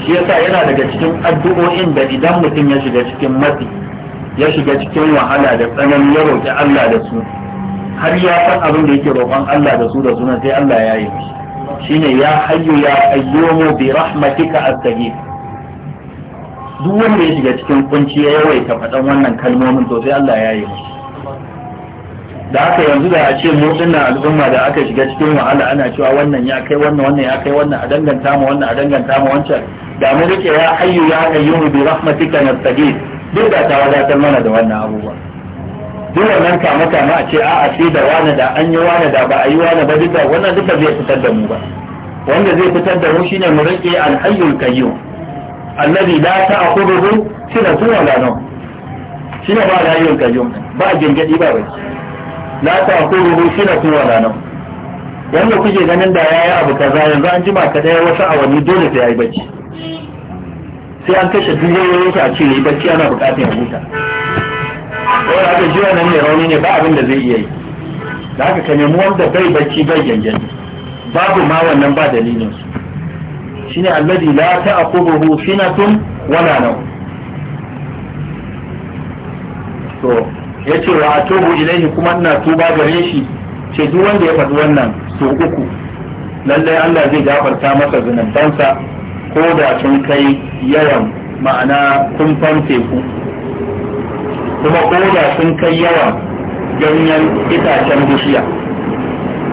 shi yasa yana daga cikin addu'o'in da idan mutum ya shiga cikin matsi ya shiga cikin wahala da tsanani ya roƙi Allah da su har ya san abin da yake roƙon Allah da su da suna sai Allah ya yi shine ya hayyu ya qayyumu bi rahmatika astaghith duk wanda ya shiga cikin kunci ya yawaita faɗan wannan kalmomin to sai Allah ya yi da haka yanzu da a ce motsin na al'umma da aka shiga cikin wahala ana cewa wannan ya kai wannan wannan ya kai wannan a danganta ma wannan a danganta ma wancan da mu rike ya hayyu ya qayyum bi rahmatika nastaghith duk da ta wadatar mana da wannan abubuwa duk wannan kama kama a ce a'a sai da wani da an yi wani da ba a yi wani ba da wannan duka zai fitar da mu ba wanda zai fitar da mu shine mu rike al-hayyul qayyum alladhi la sina sinatun wala no shine ba al-hayyul qayyum ba gengedi ba bacci la sina sinatun wala no wanda kuke ganin da yayi abu kaza yanzu an jima ka daya wasu awanni dole sai yayi bacci sai an kashe duk wayoyinsa a ce yi bacci ana bukatar ya huta wanda aka ji wannan mai rauni ne ba abin da zai iya yi da aka ka nemi wanda bai bacci bai gyangyan babu ma wannan ba dalilin su ne alladhi la ta'qubuhu sinatun wala naw to ce wa tobu ilaihi kuma ina tuba gare shi ce duk wanda ya faɗi wannan so uku lallai Allah zai gafarta masa zunubansa ko da sun kai yawan ma'ana kumfan teku kuma ko da sun kai yawan ganyen itacen bishiya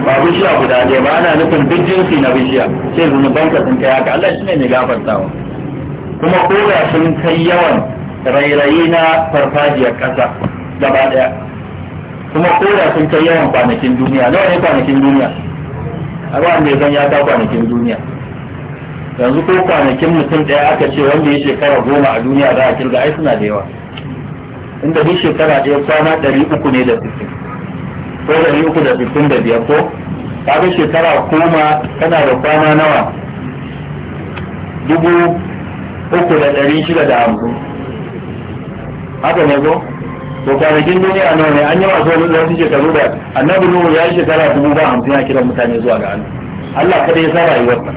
ba bishiya guda ɗaya ba ana nufin duk jinsi na bishiya sai zunuban ka sun kai haka Allah shi ne mai gafartawa kuma ko da sun kai yawan rairayi na farfajiyar ƙasa gaba ɗaya kuma ko da sun kai yawan kwanakin duniya nawa ne kwanakin duniya a ba mai ya san ya ta kwanakin duniya yanzu ko kwanakin mutum ɗaya aka ce wanda ya shekara goma a duniya za a kirga ai suna da yawa inda duk shekara ɗaya kwana ɗari uku ne da sittin ko ɗari uku da sittin da biyar ko kaga shekara goma tana da kwana nawa dubu uku da ɗari shida da hamsin haka ne ko to kwanakin duniya nawa ne an yi wasu wani wasu shekaru da annabi nuhu ya yi shekara dubu ba hamsin a kiran mutane zuwa ga Allah Allah kada ya sa rayuwar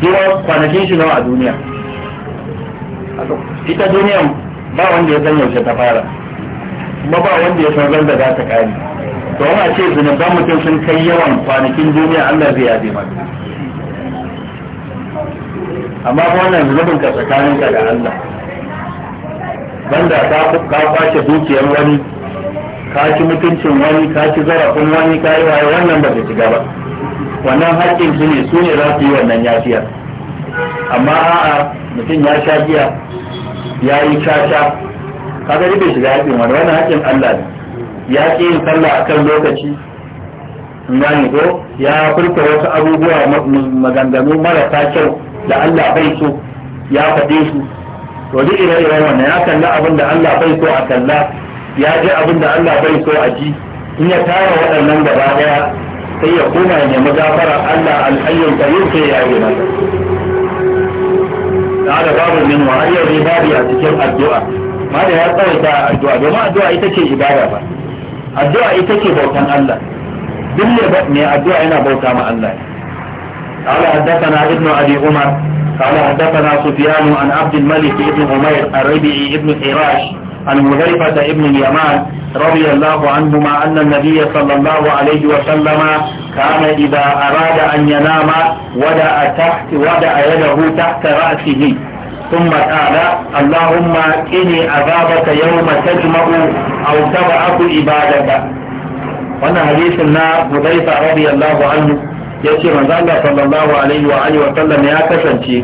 kira kwanakin shi nawa a duniya ita duniya ba wanda ya san yaushe ta fara kuma ba wanda ya san zanda za ta kare to a ce ba mutum sun kai yawan kwanakin duniya Allah zai yabe ma. amma ba wannan zunubin ka tsakanin ka da Allah banda ka ka kwace dukiyar wani ka ci mutuncin wani ka ci zarafin wani ka yi waye wannan ba zai shiga ba wannan haƙƙin su ne su ne za su yi wannan yafiyar amma a'a mutum ya sha giya ya yi shasha kaga bai shiga haƙƙin wani wannan haƙƙin Allah ne ya ƙi yin sallah akan lokaci gane ko ya furta wasu abubuwa maganganu marasa kyau da Allah bai so ya faɗe su to duk ire-iren wannan ya kalla abin da Allah bai so a kalla ya ji abin da Allah bai so a ji in ya tara waɗannan gaba ɗaya sai ya koma ya nemi gafara Allah alhayyul qayyum sai ya yi masa da babu min wa ayyar ribadi a cikin addu'a ma da ya tsawaita addu'a domin addu'a ita ce ibada ba addu'a ita ce bautan Allah duk ne addu'a yana bauta ma Allah قال حدثنا ابن ابي عمر قال حدثنا سفيان عن عبد الملك بن عمير الربيعي بن حراش عن مغيفة بن اليمان رضي الله عنهما أن النبي صلى الله عليه وسلم كان إذا أراد أن ينام ودع, تحت ودع يده تحت رأسه ثم قال اللهم إني عذابك يوم تجمع أو تبعث عبادك وانا حديثنا النار رضي الله عنه ya ce manzo Allah sallallahu alaihi wa alihi wa sallam ya kasance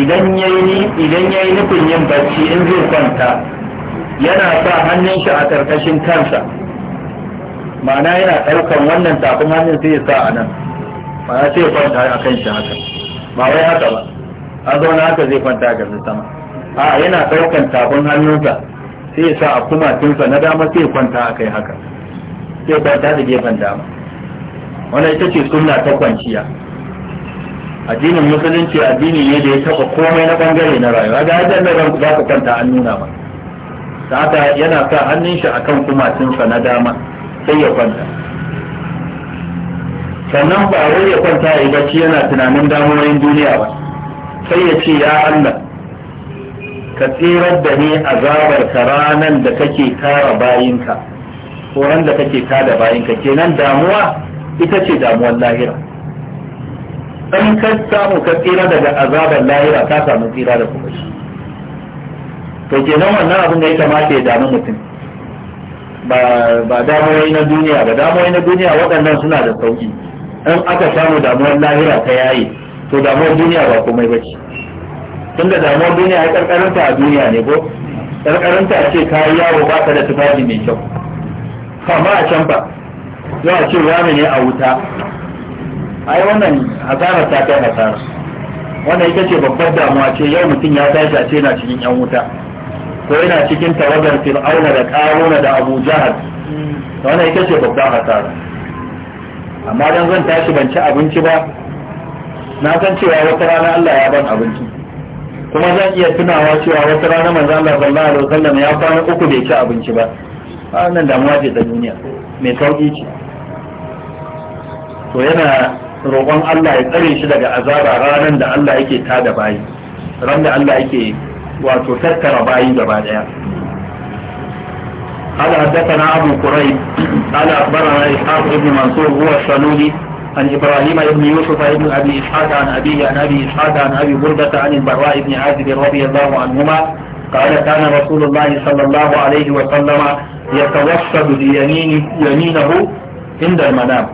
idan yayi idan yayi nufin yin bacci in zai kwanta yana sa hannun shi a karkashin kansa ma'ana yana ɗaukan wannan tafin hannun sai ya sa a nan ma'ana sai ya kwanta a kan shi haka ba wai haka ba a zauna haka zai kwanta a garin sama a yana ɗaukan tafin hannunsa sai ya sa a kumatinsa na dama sai ya kwanta a kai haka sai ya kwanta da gefen dama wannan ita ce sunna ta kwanciya addinin musulunci addini ne da ya taɓa komai na bangare na rayuwa ga yadda da ranku za ku kanta an nuna ba ta yana sa hannun shi akan kumatunsa na dama sai ya kwanta sannan ba wai ya kwanta ya bacci yana tunanin damuwoyin duniya ba sai ya ce ya Allah ka tsirar da ni azabar ka da kake tara bayinka ko ran da kake kada bayinka kenan damuwa ita ce damuwar lahira in ka samu ka tsira daga azabar lahira ka samu tsira da kuma shi to kenan wannan abin da ya kamata ya damu mutum ba damuwai na duniya ba damuwai na duniya waɗannan suna da sauki in aka samu damuwar lahira ta yayi to damuwar duniya ba komai ba ce tunda damuwar duniya ya karkaranta a duniya ne ko karkaranta a ce ka yawo ba ka da tufafi mai kyau kama a can ba yau a ce rami ne a wuta ai wannan hasara ta kai hasara wannan ita ce babbar damuwa ce yau mutum ya tashi a ce na cikin yan wuta ko yana cikin tawagar fir'auna da karuna da abu jahar wannan ita ce babbar hasara amma dan zan tashi ban ci abinci ba na san cewa wata rana Allah ya ban abinci kuma zan iya tunawa cewa wata rana manzo Allah sallallahu alaihi wasallam ya kwana uku bai ci abinci ba wannan damuwa ce ta duniya mai sauki ce to yana roƙon Allah ya tsare shi daga azaba ranar da Allah yake tada bayi ran da Allah yake wato tattara bayi gaba daya قال حدثنا أبو كريب قال أخبرنا إسحاق بن منصور هو الشلولي عن إبراهيم بن يوسف بن أبي إسحاق عن أبيه عن أبي إسحاق عن أبي بردة عن البراء بن عازب رضي الله عنهما قال كان رسول الله صلى الله عليه وسلم يتوسد بيمينه عند المنام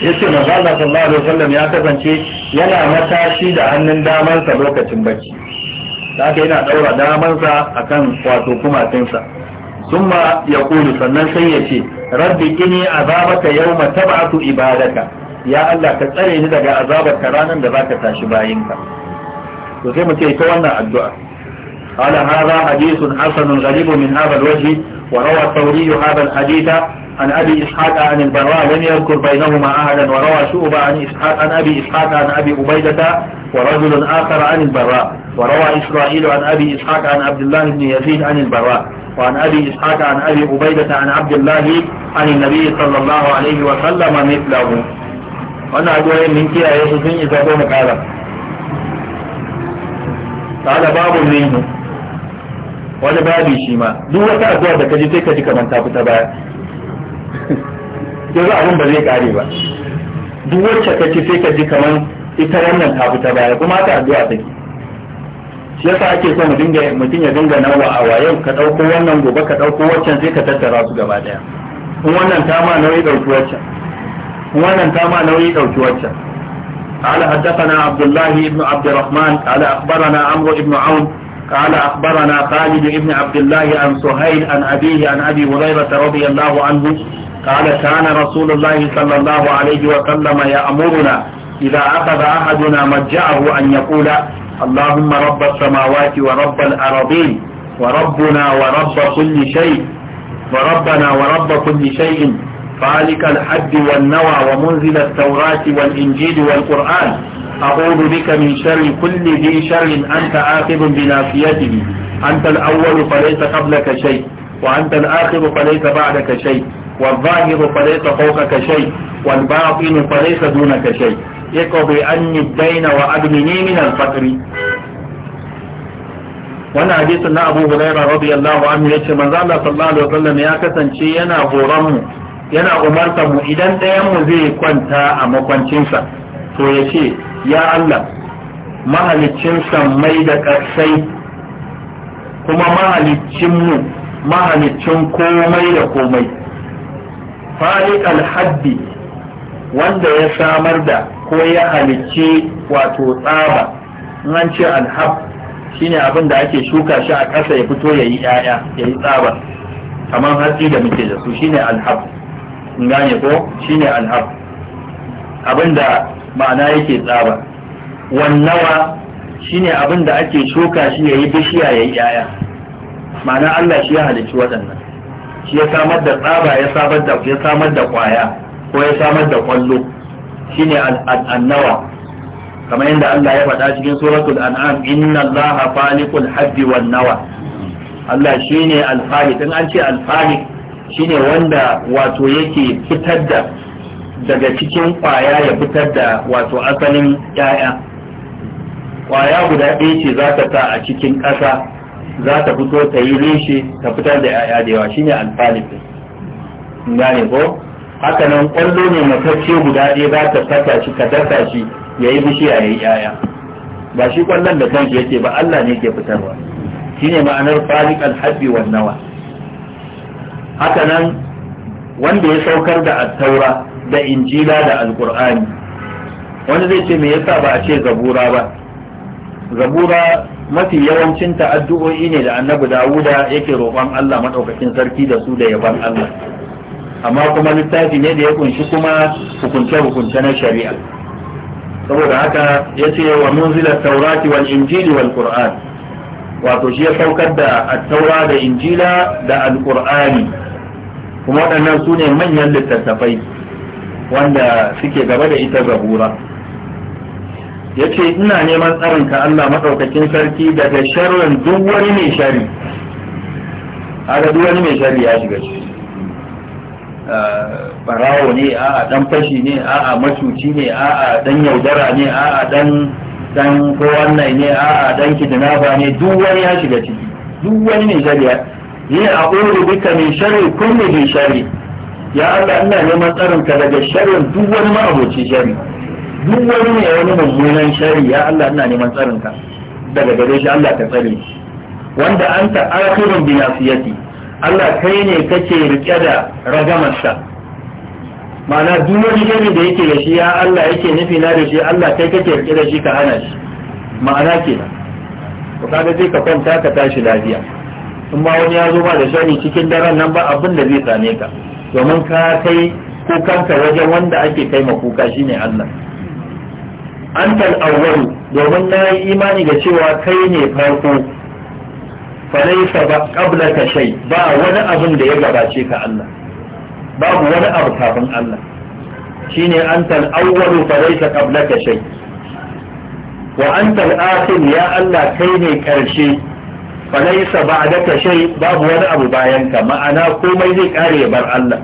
yace manzo sallallahu alaihi wasallam ya kasance yana matashi da hannun damansa lokacin bacci da haka yana daura damansa akan wato kumatinsa summa ya kulu sannan sai ya ce rabbi kini azabaka yawma tab'atu ibadaka ya Allah ka tsare ni daga azabarka ranar da zaka tashi bayinka to sai mu ce ita wannan addu'a قال هذا Hassanun, حسن غريب من هذا وروى الثوري هذا الحديث عن أبي إسحاق عن البراء لم يذكر بينهما أحدا وروى شعبة عن إسحاق عن أبي إسحاق عن أبي عبيدة ورجل آخر عن البراء وروى إسرائيل عن أبي إسحاق عن عبد الله بن يزيد عن البراء وعن أبي إسحاق عن أبي عبيدة عن عبد الله عن النبي صلى الله عليه وسلم مثله وأنا أقول من كي أيضا إذا دون قال قال باب منه wani babi shi ma duk wata addu'a da kaji sai kaji kamar ta fita baya za abin ba zai kare ba duk wacce kaji sai kaji kamar ita wannan ta fita baya kuma ta addu'a take shi yasa ake so mu dinga mutum ya dinga nawa a wayan ka dauko wannan gobe ka dauko waccan sai ka tattara su gaba daya in wannan ta ma nauyi dauki waccan in wannan ta ma nauyi dauki waccan قال حدثنا عبد الله بن عبد الرحمن قال اخبرنا عمرو بن عون قال أخبرنا خالد بن عبد الله عن سهيل عن أبيه عن أبي هريرة رضي الله عنه قال كان رسول الله صلى الله عليه وسلم يأمرنا إذا أخذ أحدنا مجاه أن يقول اللهم رب السماوات ورب الأراضين وربنا ورب كل شيء وربنا ورب كل شيء فالك الحد والنوى ومنزل التوراة والإنجيل والقرآن أعوذ بك من شر كل ذي شر أنت آخذ بناصيته أنت الأول فليس قبلك شيء وأنت الآخر فليس بعدك شيء والظاهر فليس فوقك شيء والباطن فليس دونك شيء اقضي أني الدين وأدمني من الفقر wani hadisin na abu huraira radiyallahu anhu yace manzo Allah sallallahu alaihi wasallam ya kasance yana horon mu yana umartar mu idan ɗayan mu zai kwanta a makwancinsa to yace ya Allah mahalicin sammai da ƙarsai kuma mahalicinmu mahalicin komai da komai falik alhaddi wanda ya samar da ko ya halicci wato tsaba an ce alhab shine abin da ake shuka shi a ƙasa ya fito ya yi ‘ya'ya ya yi tsaba kamar hatsi da muke da su shine alhab gane ko shine alhab abin da ma'ana yake tsaba wannawa shine abin da ake shuka shi yayi bishiya yayi yaya ma'ana Allah shi ya halicci waɗannan shi ya samar da tsaba ya samar da ya samar da kwaya ko ya samar da kwallo shine annawa kamar yadda Allah ya faɗa cikin suratul an'am inna Allah faliqul habbi wan nawa Allah shine al-faliq an ce al shine wanda wato yake fitar da daga cikin kwaya ya fitar da wato asalin ya'ya kwaya guda ɗaya ce za ta sa a cikin ƙasa za ta fito ta yi reshe ta fitar da ya'ya da yawa shine alfalifin gane ko haka nan ƙwallo ne matacce guda ɗaya za ta saka shi ka dasa shi ya yi bishiya ya yi ya'ya ba shi ƙwallon da kanshi yake ba Allah ne ke fitarwa shine ma'anar falik alhabbi wannawa. Hakanan haka nan wanda ya saukar da attaura da injila da alkur'ani wani zai ce me yasa ba a ce zabura ba zabura mafi yawancin ta'addu'o'i ne da annabi dawuda yake roƙon allah maɗaukakin sarki da su da yaban allah amma kuma littafi ne da ya kunshi kuma hukunce-hukunce na shari'a saboda haka ya ce wa munzila taurati wal injili wal qur'an wato shi ya saukar da attaura da injila da alkur'ani kuma waɗannan su ne manyan littattafai wanda suke gaba da ita zabura ya ce ina neman tsarinka Allah maɗaukakin sarki daga sharrin duk wani mai shari aga duk wani mai shari ya shiga ciki barawo ne a dan fashi ne a macuci ne a dan yaudara ne a dan dan ko wannan ne a dan kidnaba ne duk wani ya shiga ciki duk wani mai shari ya a duka mai shari, sharri kulli bi sharri ya aka ina neman tsarin ka daga sharin duk wani ma'aboci shari. duk wani ne wani mummunan shari. ya Allah ina neman tsarin ka daga gare shi Allah ka tsare wanda an anta akhirun bi nasiyati Allah kai ne kake rike da ragamar sa ma'ana duk wani shari da yake da shi ya Allah yake nufi na da shi Allah kai kake rike da shi ka hana shi ma'ana kenan to kaga sai ka kwanta ka tashi lafiya in wani ya zo ba da shani cikin daren nan ba abin da zai same ka domin ka kai kukanka wajen wanda ake kai kuka shine Allah antal awwal domin na yi imani da cewa kai ne farko falaisa ba qablaka shay ba wani abin da ya gabace ka Allah babu wani abu kafin Allah shine antal awwal falaisa qablaka shay wa antal akhir ya Allah kai ne ƙarshe. فليس بعدك شيء باب ولا أبو بايانك ما أنا كوما يزيك أري بر الله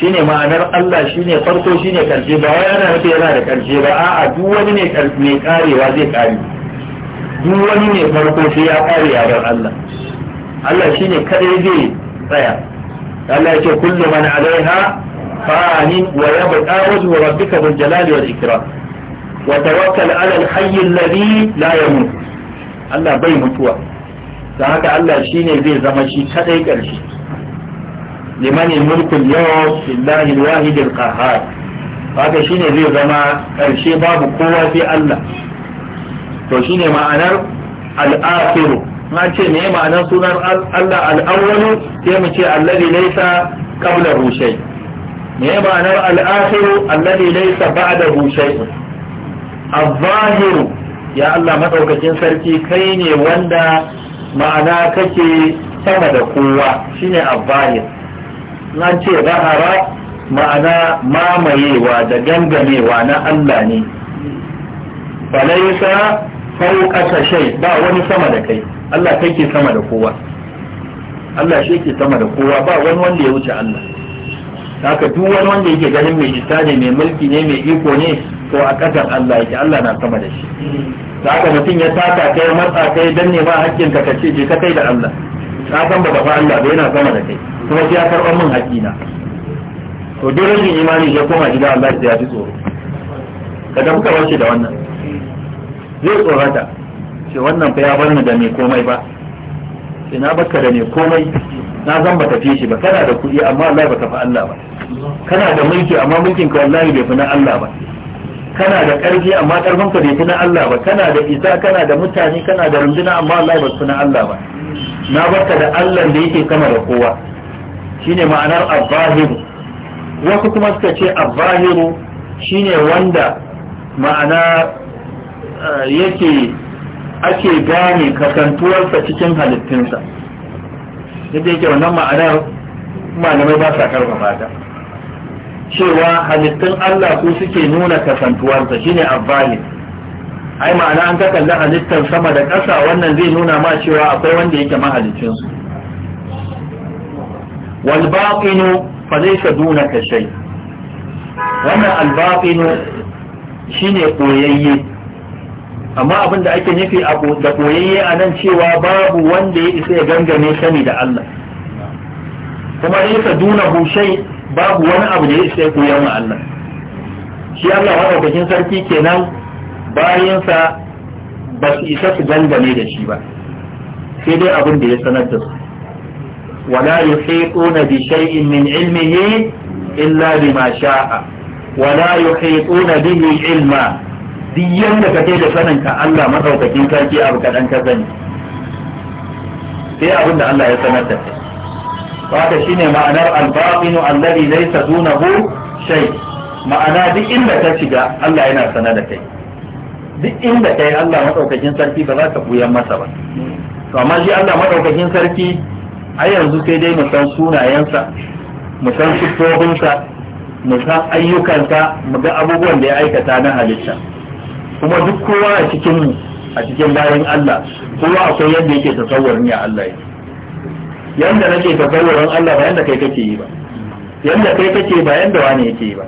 شيني ما أنا الله شيني فرطو شيني كالجيبا وأنا هدي أنا كالجيبا آآ دواني كالميك أري وزيك أري دواني فرطو شيني أري بر الله الله شيني كالجي طيب الله يشو كل من عليها فاني ويبقى وجه ربك بالجلال والإكرام وتوكل على الحي الذي لا يموت Allah bai mutuwa da haka Allah ne zai zama shi kadai karshe liman mulkul yau lillahi alwahid alqahhar haka ne zai zama karshe babu kowa sai Allah to ne ma'anar al'afiru. Na ma ce ne ma'anar sunan Allah al sai mu ce alladhi laysa qabla rushay ne ma'anar al'afiru akhiru alladhi laysa ba'da rushay al ya Allah madaukakin sarki kai ne wanda ma'ana kake sama da kowa shine abbayin nan ce ba ma'ana mamayewa da gangamewa na Allah ne falaisa fauka shai ba wani sama da kai Allah kai ke sama da kowa Allah shi ke sama da kowa ba wani wanda ya wuce Allah haka duk wani wanda yake ganin mai isa ne mai mulki ne mai iko ne to a ƙasar Allah yake Allah na sama da shi haka mutum ya taka kai matsa kai dan ne ba haƙƙin ka kace je ka kai da Allah ka san ba fa Allah ba yana sama da kai kuma shi ya karɓar min na to duk rashin imani ya koma gida Allah ya ji tsoro ka tafi ka wace da wannan zai tsorata ce wannan fa ya bar ni da mai komai ba sai na baka da mai komai na zan ba tafi shi ba kana da kuɗi amma Allah baka fa Allah ba kana da mulki amma mulkin ka wallahi bai fi na Allah ba kana da ƙarfi amma ƙarfin ka bai fi na Allah ba kana da isa kana da mutane kana da runduna amma wallahi bai fi na Allah ba na barka da Allah da yake sama da kowa shine ma'anar abahiru wasu kuma suka ce abahiru shine wanda ma'ana eh, yake ake gane kasantuwarsa cikin halittunsa yadda yake wannan ma'anar malamai ba sa karfafa ta cewa halittun Allah su suke nuna kasantuwarsa shine abbali ai ma'ana an ka kalli halittar sama da ƙasa wannan zai nuna ma cewa akwai wanda yake mahalicin su wal baqinu fa laysa dunaka shay wannan al baqinu shine koyayye amma abin da ake nufi da koyayye a nan cewa babu wanda ya isa ya gangane sani da Allah kuma laysa dunahu shay babu wani abu da ya isa koyar ma Allah shi Allah madaukakin sarki kenan bayansa ba su isa su dangane da shi ba sai dai abin da ya sanar da su wala yuhituna bi shay'in min ilmihi illa bima sha'a wala yuhituna bihi ilma duk yanda ka da sanin ka Allah madaukakin sarki abu kadan ka sani sai abin da Allah ya sanar da kai shi shine ma'anar al-batinu alladhi laysa dunahu ma'ana duk inda ta shiga Allah yana sana da kai duk inda kai Allah maɗaukakin sarki ba za ka buyan masa ba to amma shi Allah maɗaukakin sarki a yanzu sai dai mu san sunayensa mu san sifofinsa mu san ayyukansa mu ga abubuwan da ya aikata na halitta kuma duk kowa a cikin a cikin bayan Allah kowa akwai yadda yake tasawwar ni a Allah yake yanda nake tasawurin Allah ba yanda kai kake yi ba yanda kai kake ba yanda wani yake yi ba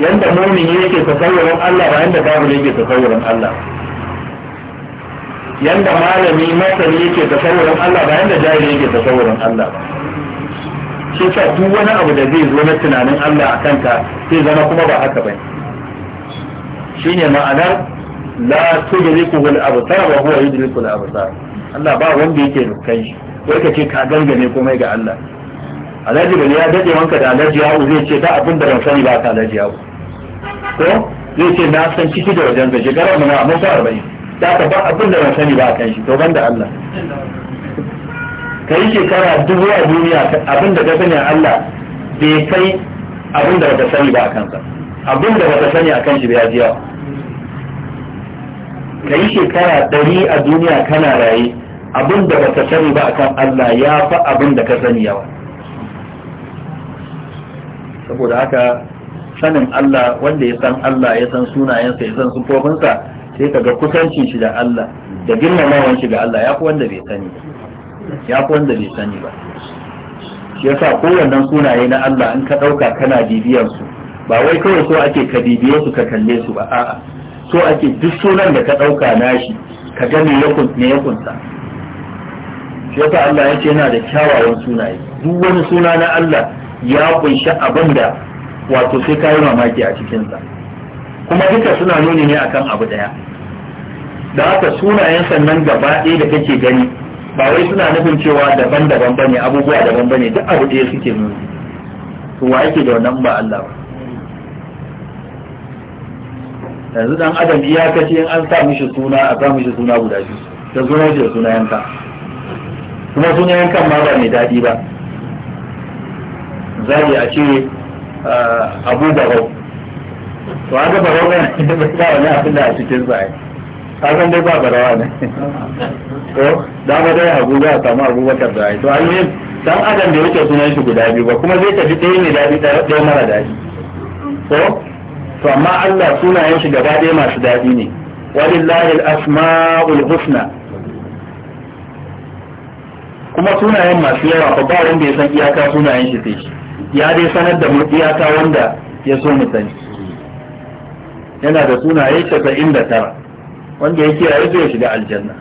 yanda mumini yake tasawurin Allah ba yanda kafir yake tasawurin Allah yanda malami masani yake tasawurin Allah ba yanda jahili yake tasawurin Allah ba shi sa duk wani abu da zai zo na tunanin Allah a kanka zai zama kuma ba haka ba bane shine ma'anar la tudrikuhu al-absar wa huwa yudriku al-absar Allah ba wanda yake rukan shi sai ka ce ka gangane komai ga Allah alhaji Bani ya dade wanka da alhaji yawo zai ce da abin da ban sani ba ka alhaji yawo ko zai ce na san ciki da wajen gaje gara mana a mun sa 40 da ka ba abin da ban sani ba kan shi to ban da Allah kai shekara dubu a duniya abin da ka sani a Allah bai kai abin da ka sani ba a kansa abin da ka sani a kan shi bai yawa ka yi shekara ɗari a duniya kana raye abin da baka sani ba akan Allah ya fa abin da ka sani yawa saboda haka sanin Allah wanda ya san Allah ya san sunayensa ya san sufofinsa sai ka ga kusancin shi da Allah da girmamawan shi ga Allah ya fi wanda bai sani ya fi wanda bai sani ba shi yasa kowanne sunaye na Allah in ka ɗauka kana bibiyar su ba wai kawai so ake ka bibiye su ka kalle su ba a'a so ake duk sunan da ka ɗauka nashi ka gani me ya kunta? shi yasa Allah ya ce yana da kyawawan sunaye duk wani suna na Allah ya kunshi abin da wato sai ka yi mamaki a cikinsa kuma duka suna nuni ne akan abu daya da haka sunayen sannan gaba ɗaya da kake gani ba wai suna nufin cewa daban-daban bane abubuwa daban bane duk abu ɗaya suke nuni to wa yake da wannan ba Allah ba yanzu dan adam kace in an sa mishi suna a sa mishi suna guda biyu da suna da ka kuma sun kan ma ba mai daɗi ba zai a ce abu barau to an ga barau ne ba wani abin da a cikin sa kasan dai ba barawa ne to da ba dai abu za a samu abubakar da to an yi dan adam da yake sunan shi guda biyu ba kuma zai tafi ɗaya mai daɗi ɗaya mara daɗi to to amma Allah sunayen shi gaba ɗaya masu daɗi ne walillahi al-asma'ul husna kuma sunayen masu yawa ba ba wanda ya san iyaka sunayen shi sai shi ya dai sanar da mu iyaka wanda ya so mu sani yana da sunaye casa'in da tara wanda ya kiyaye ya shiga aljanna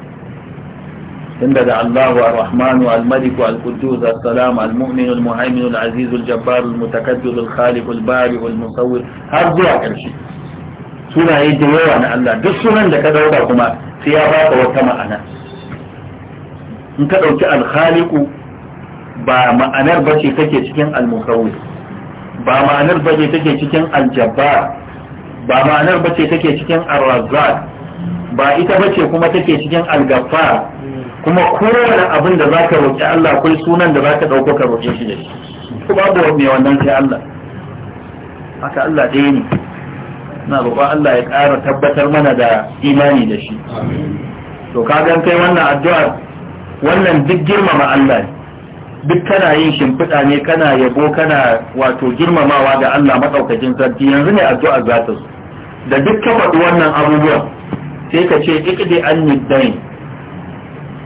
tun daga Allahu ar-Rahmanu al-Malik al-Quddus as-Salam al-Mu'min al-Muhaymin al-Aziz al-Jabbar al-Mutakabbir bari har zuwa ƙarshe sunaye da yawa na Allah duk sunan da ka dauka kuma sai ya ka wata ma'ana in ka ɗauki alhaliku, ba ma'anar ba ce take cikin almusawwir ba ma'anar ba ce take cikin aljabbar ba ma'anar ba ce take cikin arrazzaq ba ita ba ce kuma take cikin algaffar kuma kowane abin da za ka roƙi Allah akwai sunan da za ka ɗauko ka roƙe shi da shi ko babu mai wannan sai Allah haka Allah ɗaya ne na roƙon Allah ya ƙara tabbatar mana da imani da shi to ka gan kai wannan addu'ar wannan duk girmama Allah ne duk kana yin shimfiɗa ne kana yabo kana wato girmamawa ga Allah maɗaukakin sarki yanzu ne addu'a za ta da duk ka faɗi wannan abubuwan sai ka ce ikide an niddain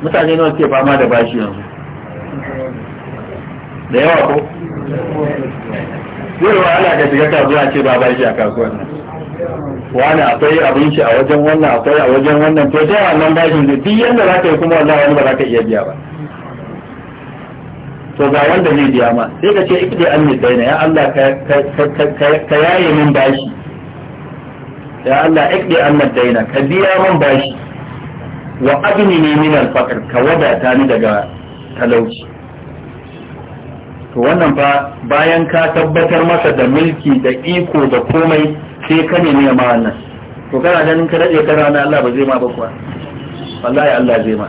mutane nawa ke fama da bashi yanzu da yawa ko zai wahala ka shiga kasuwa ce ba bashi a kasuwan nan wani akwai abinci a wajen wannan akwai a wajen wannan to sai wannan bashin da duk yanda za ka yi kuma wallahi wani ba za ka iya biya ba to ga wanda zai biya ma sai ka ce ikde an mai daina ya Allah ka yaye min bashi ya Allah ikde an mai daina ka biya min bashi wa abni ne min alfaqr ka wadata ni daga talauci to wannan fa bayan ka tabbatar masa da mulki da iko da komai sai ka nemi ma wannan to kana ganin ka daɗe ka rana Allah ba zai ma ba kuwa wallahi Allah zai ma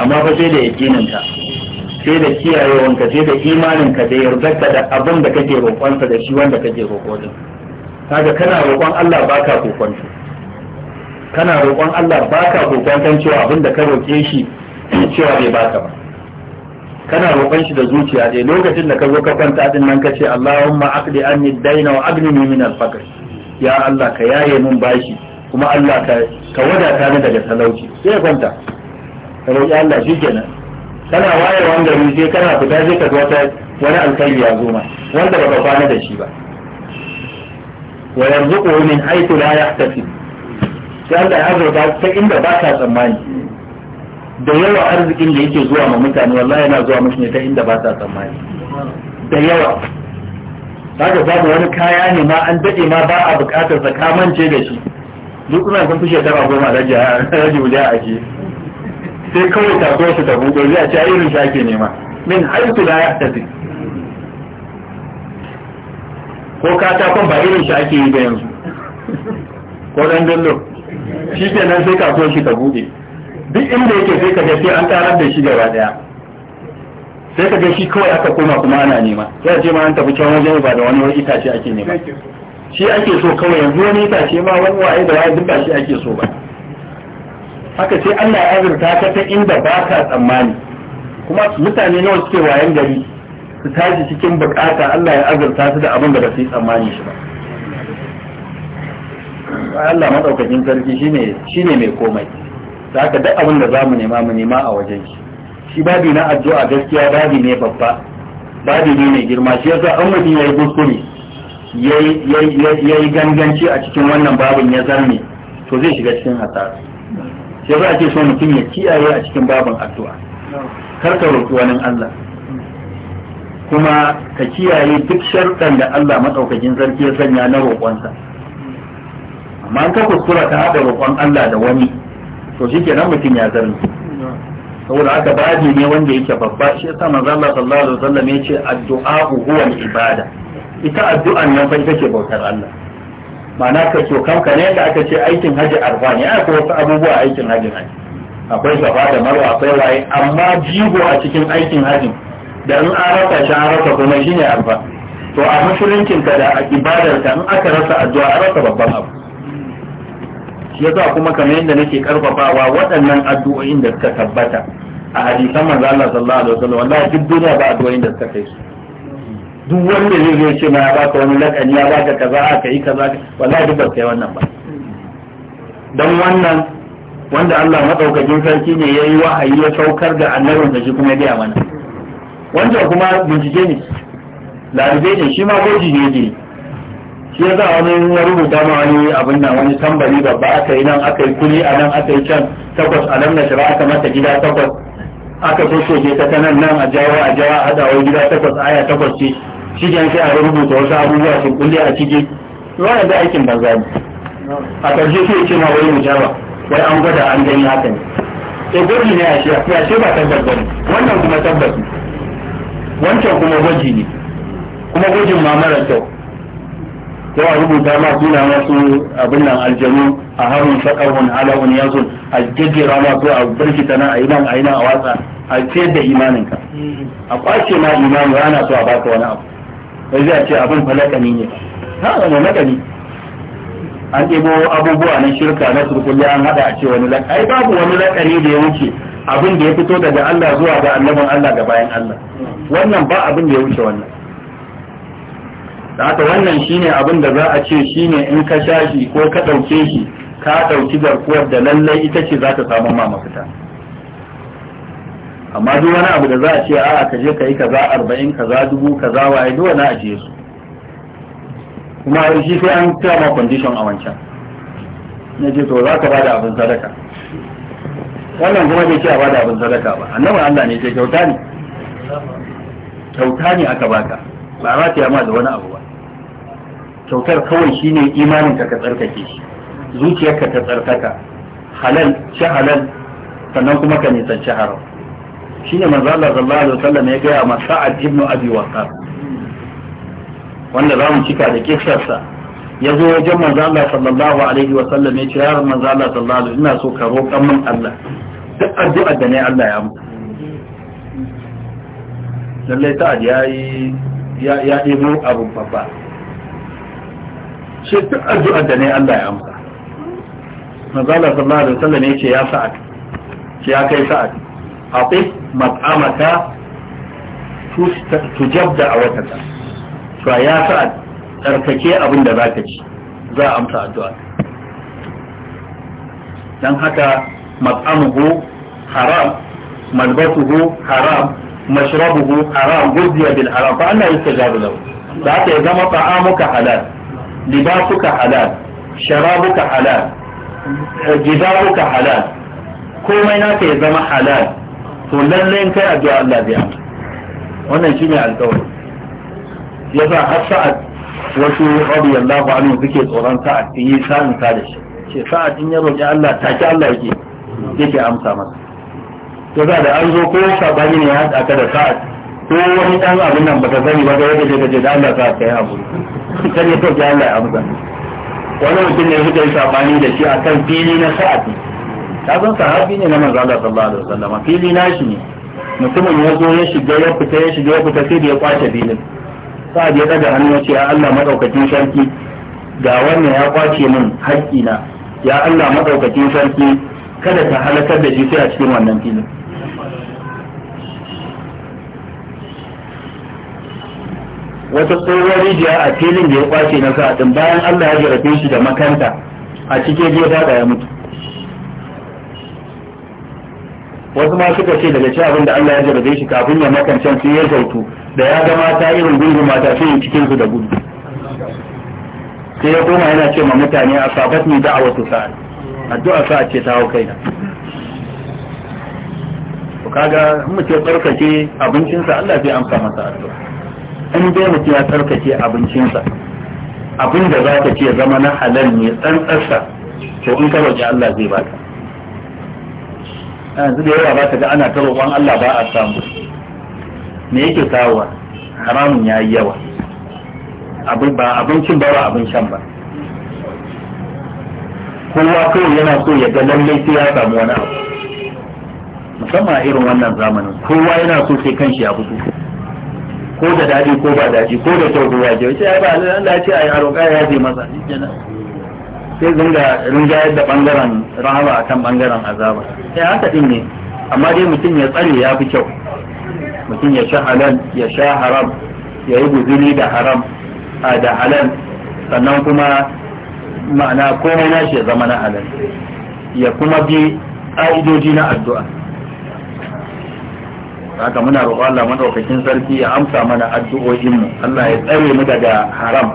amma fa sai da yakinin ka sai da kiyayewan ka sai da imanin ka da yardarka da abin da kake roƙon sa da shi wanda kake roƙo din kaga kana roƙon Allah baka kokon kana roƙon Allah baka kokon kan cewa abin da ka roƙe shi cewa bai baka ba kana roƙon shi da zuciya dai lokacin da ka zo ka kwanta din nan ka ce Allahumma aqdi anni ad-dayna wa aghnini min al-faqr ya Allah ka yaye min bashi kuma Allah ka wadata ni daga talauci sai kwanta ka roƙi Allah shi kenan kana wayewan gari sai kana fita sai ka wata wani alkhairi ya zo ma wanda baka kwana da shi ba wa yarzuquhu min haythu la yahtasib sai Allah ya azurta ta inda ba ka tsammani da yawa arzikin da yake zuwa ma mutane wallahi yana zuwa musu ne ta inda ba ta tsammani da yawa zaka samu wani kaya ne ma an dade ma ba a bukatar sa ka mance da shi duk kuma sun fi shekara goma da ja raji wuya a ji sai kawai ta go su ta buɗe zai a ci irin shi ake nema min haitu la yahtasi ko katakon ba irin shi ake yi da yanzu ko dan dallo shi kenan sai kasuwar shi ta buɗe duk inda yake sai ka ga sai an tarar da shi gaba daya sai ka ga shi kawai aka koma kuma ana nema sai ce ma an tafi can wajen ba da wani wani itace ake nema shi ake so kawai yanzu wani itace ma wani waye da waye duk ba shi ake so ba haka sai Allah ya azurta ka ta inda ba ka tsammani kuma mutane nawa suke wayan gari su tashi cikin bukata Allah ya azurta su da abin da ba su yi tsammani shi ba Allah madaukakin sarki shine shine mai komai da haka duk abin da zamu nema mu nema a wajen shi shi babi na addu'a gaskiya babi ne babba babi ne mai girma shi yasa an mutum yayi kuskure yayi ganganci a cikin wannan babin ya zarme to zai shiga cikin hasara sai za a ce so mutum ya kiyaye a cikin babin addu'a kar ka roƙi wani Allah kuma ka kiyaye duk sharɗan da Allah maɗaukakin sarki ya sanya na roƙonsa amma an ka kuskura ka haɗa roƙon Allah da wani to shi kenan mutum ya zarme saboda haka babi ne wanda yake babba shi yasa manzo Allah sallallahu alaihi wasallam ce addu'a huwa ibada ita addu'an nan fa ita ce bautar Allah ma'ana ka so ka ne da aka ce aikin haji arfa ne akwai wasu abubuwa aikin haji akwai safa da marwa akwai waye amma jigo a cikin aikin hajin da in an rasa shi an rasa kuma shine arfa to a musuluncinka da ibadar ka in aka rasa addu'a an rasa babban abu shi yasa kuma kamar yadda nake karfafawa waɗannan addu'o'in da suka tabbata a hadisan manzo Allah sallallahu alaihi wasallam wallahi duk duniya ba addu'o'in da suka kai su duk wanda zai zo ce ma ya baka wani lakani ya baka kaza aka yi kaza wallahi duk ba kai wannan ba dan wannan wanda Allah madaukakin sarki ne yayi wahayi ya saukar da annabin da shi kuma ya gaya mana wanda kuma bincike ne larabe ne shi ma goji ne ne shi yasa wani ya rubuta ma wani abin nan wani tambari babba aka yi nan aka yi kuli a nan aka yi can takwas a nan na shara aka mata gida takwas aka so soke ta ta nan nan a jawo a jawo a haɗa gida takwas aya takwas ce shi ke sai a rubuta wasu abubuwa sun kulle a ciki wani da aikin banza ne a ƙarshe sai ce ma wani mujaba wai an gwada an gani haka ne e gwaji ne a shi a shi ba tabbas ba ne wannan kuma tabbas ne wancan kuma gwaji ne kuma gwajin ma mara kyau ko a rubuta ma suna masu abin nan aljanu a harun shakahun alawun yasun a jajjera ma ko a birkita na a yi nan a yi a watsa a ciyar da imaninka a kwace ma imani ana so a baka wani abu sai zai ce abin falakani ne ha wani lakani an ibo abubuwa na shirka na surkulli an haɗa a ce wani lakani ai babu wani lakani da ya wuce abin da ya fito daga Allah zuwa ga annabin Allah ga bayan Allah wannan ba abin da ya wuce wannan da haka wannan shine abin da za a ce shine in ka sha shi ko ka ɗauke shi ka ɗauki garkuwar da lallai ita ce za ta samu ma mafita amma duk wani abu da za a ce a'a ka je ka yi kaza arba'in kaza dubu kaza waye duk wani a su kuma shi sai an kira ma condition a wancan na ce to za ka bada abin sadaka wannan kuma bai ce a bada abin sadaka ba annabi Allah ne ce kyauta ne kyauta ne aka baka ba a yi ma da wani abu kyautar kawai shine imanin ka ka tsarkake shi zuciyarka ka tsarkaka halal ci halal sannan kuma ka nisanci haram shine manzo Allah sallallahu alaihi wasallam ya gaya ma Sa'ad ibn Abi Waqqas wanda zamu cika da kissarsa ya zo wajen manzo Allah sallallahu alaihi wasallam ya ce ya manzo Allah sallallahu alaihi ina so ka roƙan min Allah duk addu'ar da ne Allah ya amsa lallai Sa'ad ya yi ya ɗebo abun babba shi duk addu'ar da ne Allah ya amsa manzala sallallahu alaihi wasallam yace ya sa'ad shi ya kai sa'ad aqi mat'amaka tujabda a wataka to ya sa'ad tsarkake abin da zaka ci za a amsa addu'a dan haka mat'amuhu haram malbasuhu haram mashrabuhu haram gudiya bil haram fa Allah yastajabu lahu da ta ya zama ta'amuka halal libasuka halal sharabuka halal gidabuka halal komai naka ya zama halal to lallai kai addu'a Allah zai amsa wannan shine alƙawari yasa har sa'ad wasu radiyallahu anhu suke tsoron sa'ad in yi sa'in ka da shi ce sa'ad in ya roƙi Allah ta ki Allah yake yake amsa masa to da an zo ko sabani ne ya haɗa ka da sa'ad ko wani dan abin nan baka sani ba yadda zai gaje da Allah ka kai abu sai ne to ya Allah ya amsa wani mutum ne suka yi sabani da shi akan fili na sa'adi ta san sahabi ne na manzo Allah sallallahu alaihi wasallam fili na shi ne mutumin ya zo ya shiga ya fita ya shiga ya fita sai da ya kwace filin sa'ad ya daga hannu ya ce ya Allah madaukakin sarki ga wannan ya kwace min haƙƙina ya Allah madaukakin sarki kada ka halakar da shi sai a cikin wannan filin wata tsohuwar rijiya a filin da ya kwace na sa bayan Allah ya jarafe shi da makanta a cikin jiya fada ya mutu wasu ma suka ce daga cewa abin da Allah ya jarafe shi kafin ya makancan sai ya zautu da ya ga mata irin gungun mata yi cikin su da gudu sai ya koma yana ce ma mutane a sabat ni wasu sa'a addu'a sa'a ce ta hau kaina kaga in mutum ya tsarkake abincinsa Allah zai amsa masa addu'a in dai mutum ya tsarkake abincinsa abin da za ka ce zama na halal ne tsantsarsa to in ka roƙi Allah zai ba ka yanzu da yawa ba ka ga ana ta roƙon Allah ba a samu me yake kawowa haramun ya yi yawa ba abincin ba ba abin shan ba kowa kawai yana so ya ga lallai sai ya samu wani abu musamman a irin wannan zamanin kowa yana so sai kanshi ya fito ko da daɗi ko ba daɗi ko da kyau ko ba kyau sai ba Allah ya ce ai aro ya ce masa sai zunga da bangaren rahama akan bangaren azaba sai eh, haka din ne amma dai mutum ya tsare ya fi kyau mutum ya sha halal ya sha haram ya yi guzuri da haram da halal sannan kuma ma'ana komai nashi ya zama na halal ya kuma bi ƙa'idoji na addu'a haka muna roƙon Allah madaukakin sarki ya amsa mana addu'o'in mu Allah ya tsare mu daga haram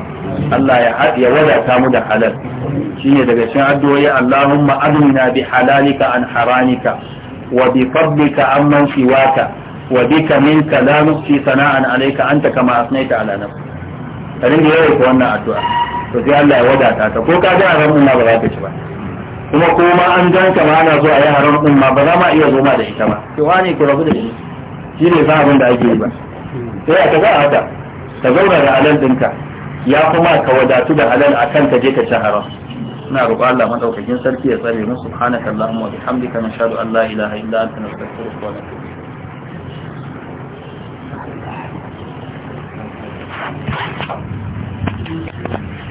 Allah ya ya wadata mu da halal shine daga cikin addu'o'i Allahumma aghna bi halalika an haramika wa bi fadlika amman siwaka wa bika minka la nufsi sana'an alayka anta kama asnaita ala nafsi ka da yawaita wannan addu'a to sai Allah ya wadata ta ko ka ji haram din ma ba za ka ci ba kuma ko ma an ganka ma ana zuwa yi haram din ma ba za ma iya zo ma da ita ba to wani ku rabu da shi shi ne ba abin da ake ba sai a ta ba haka ka zauna da halal dinka ya kuma ka wadatu da halal akan ka je ka ci haram ina roƙo Allah madaukakin sarki ya tsare mu subhanaka allahumma wa bihamdika nashhadu an la ilaha illa anta nastaghfiruka wa natubu Thank you.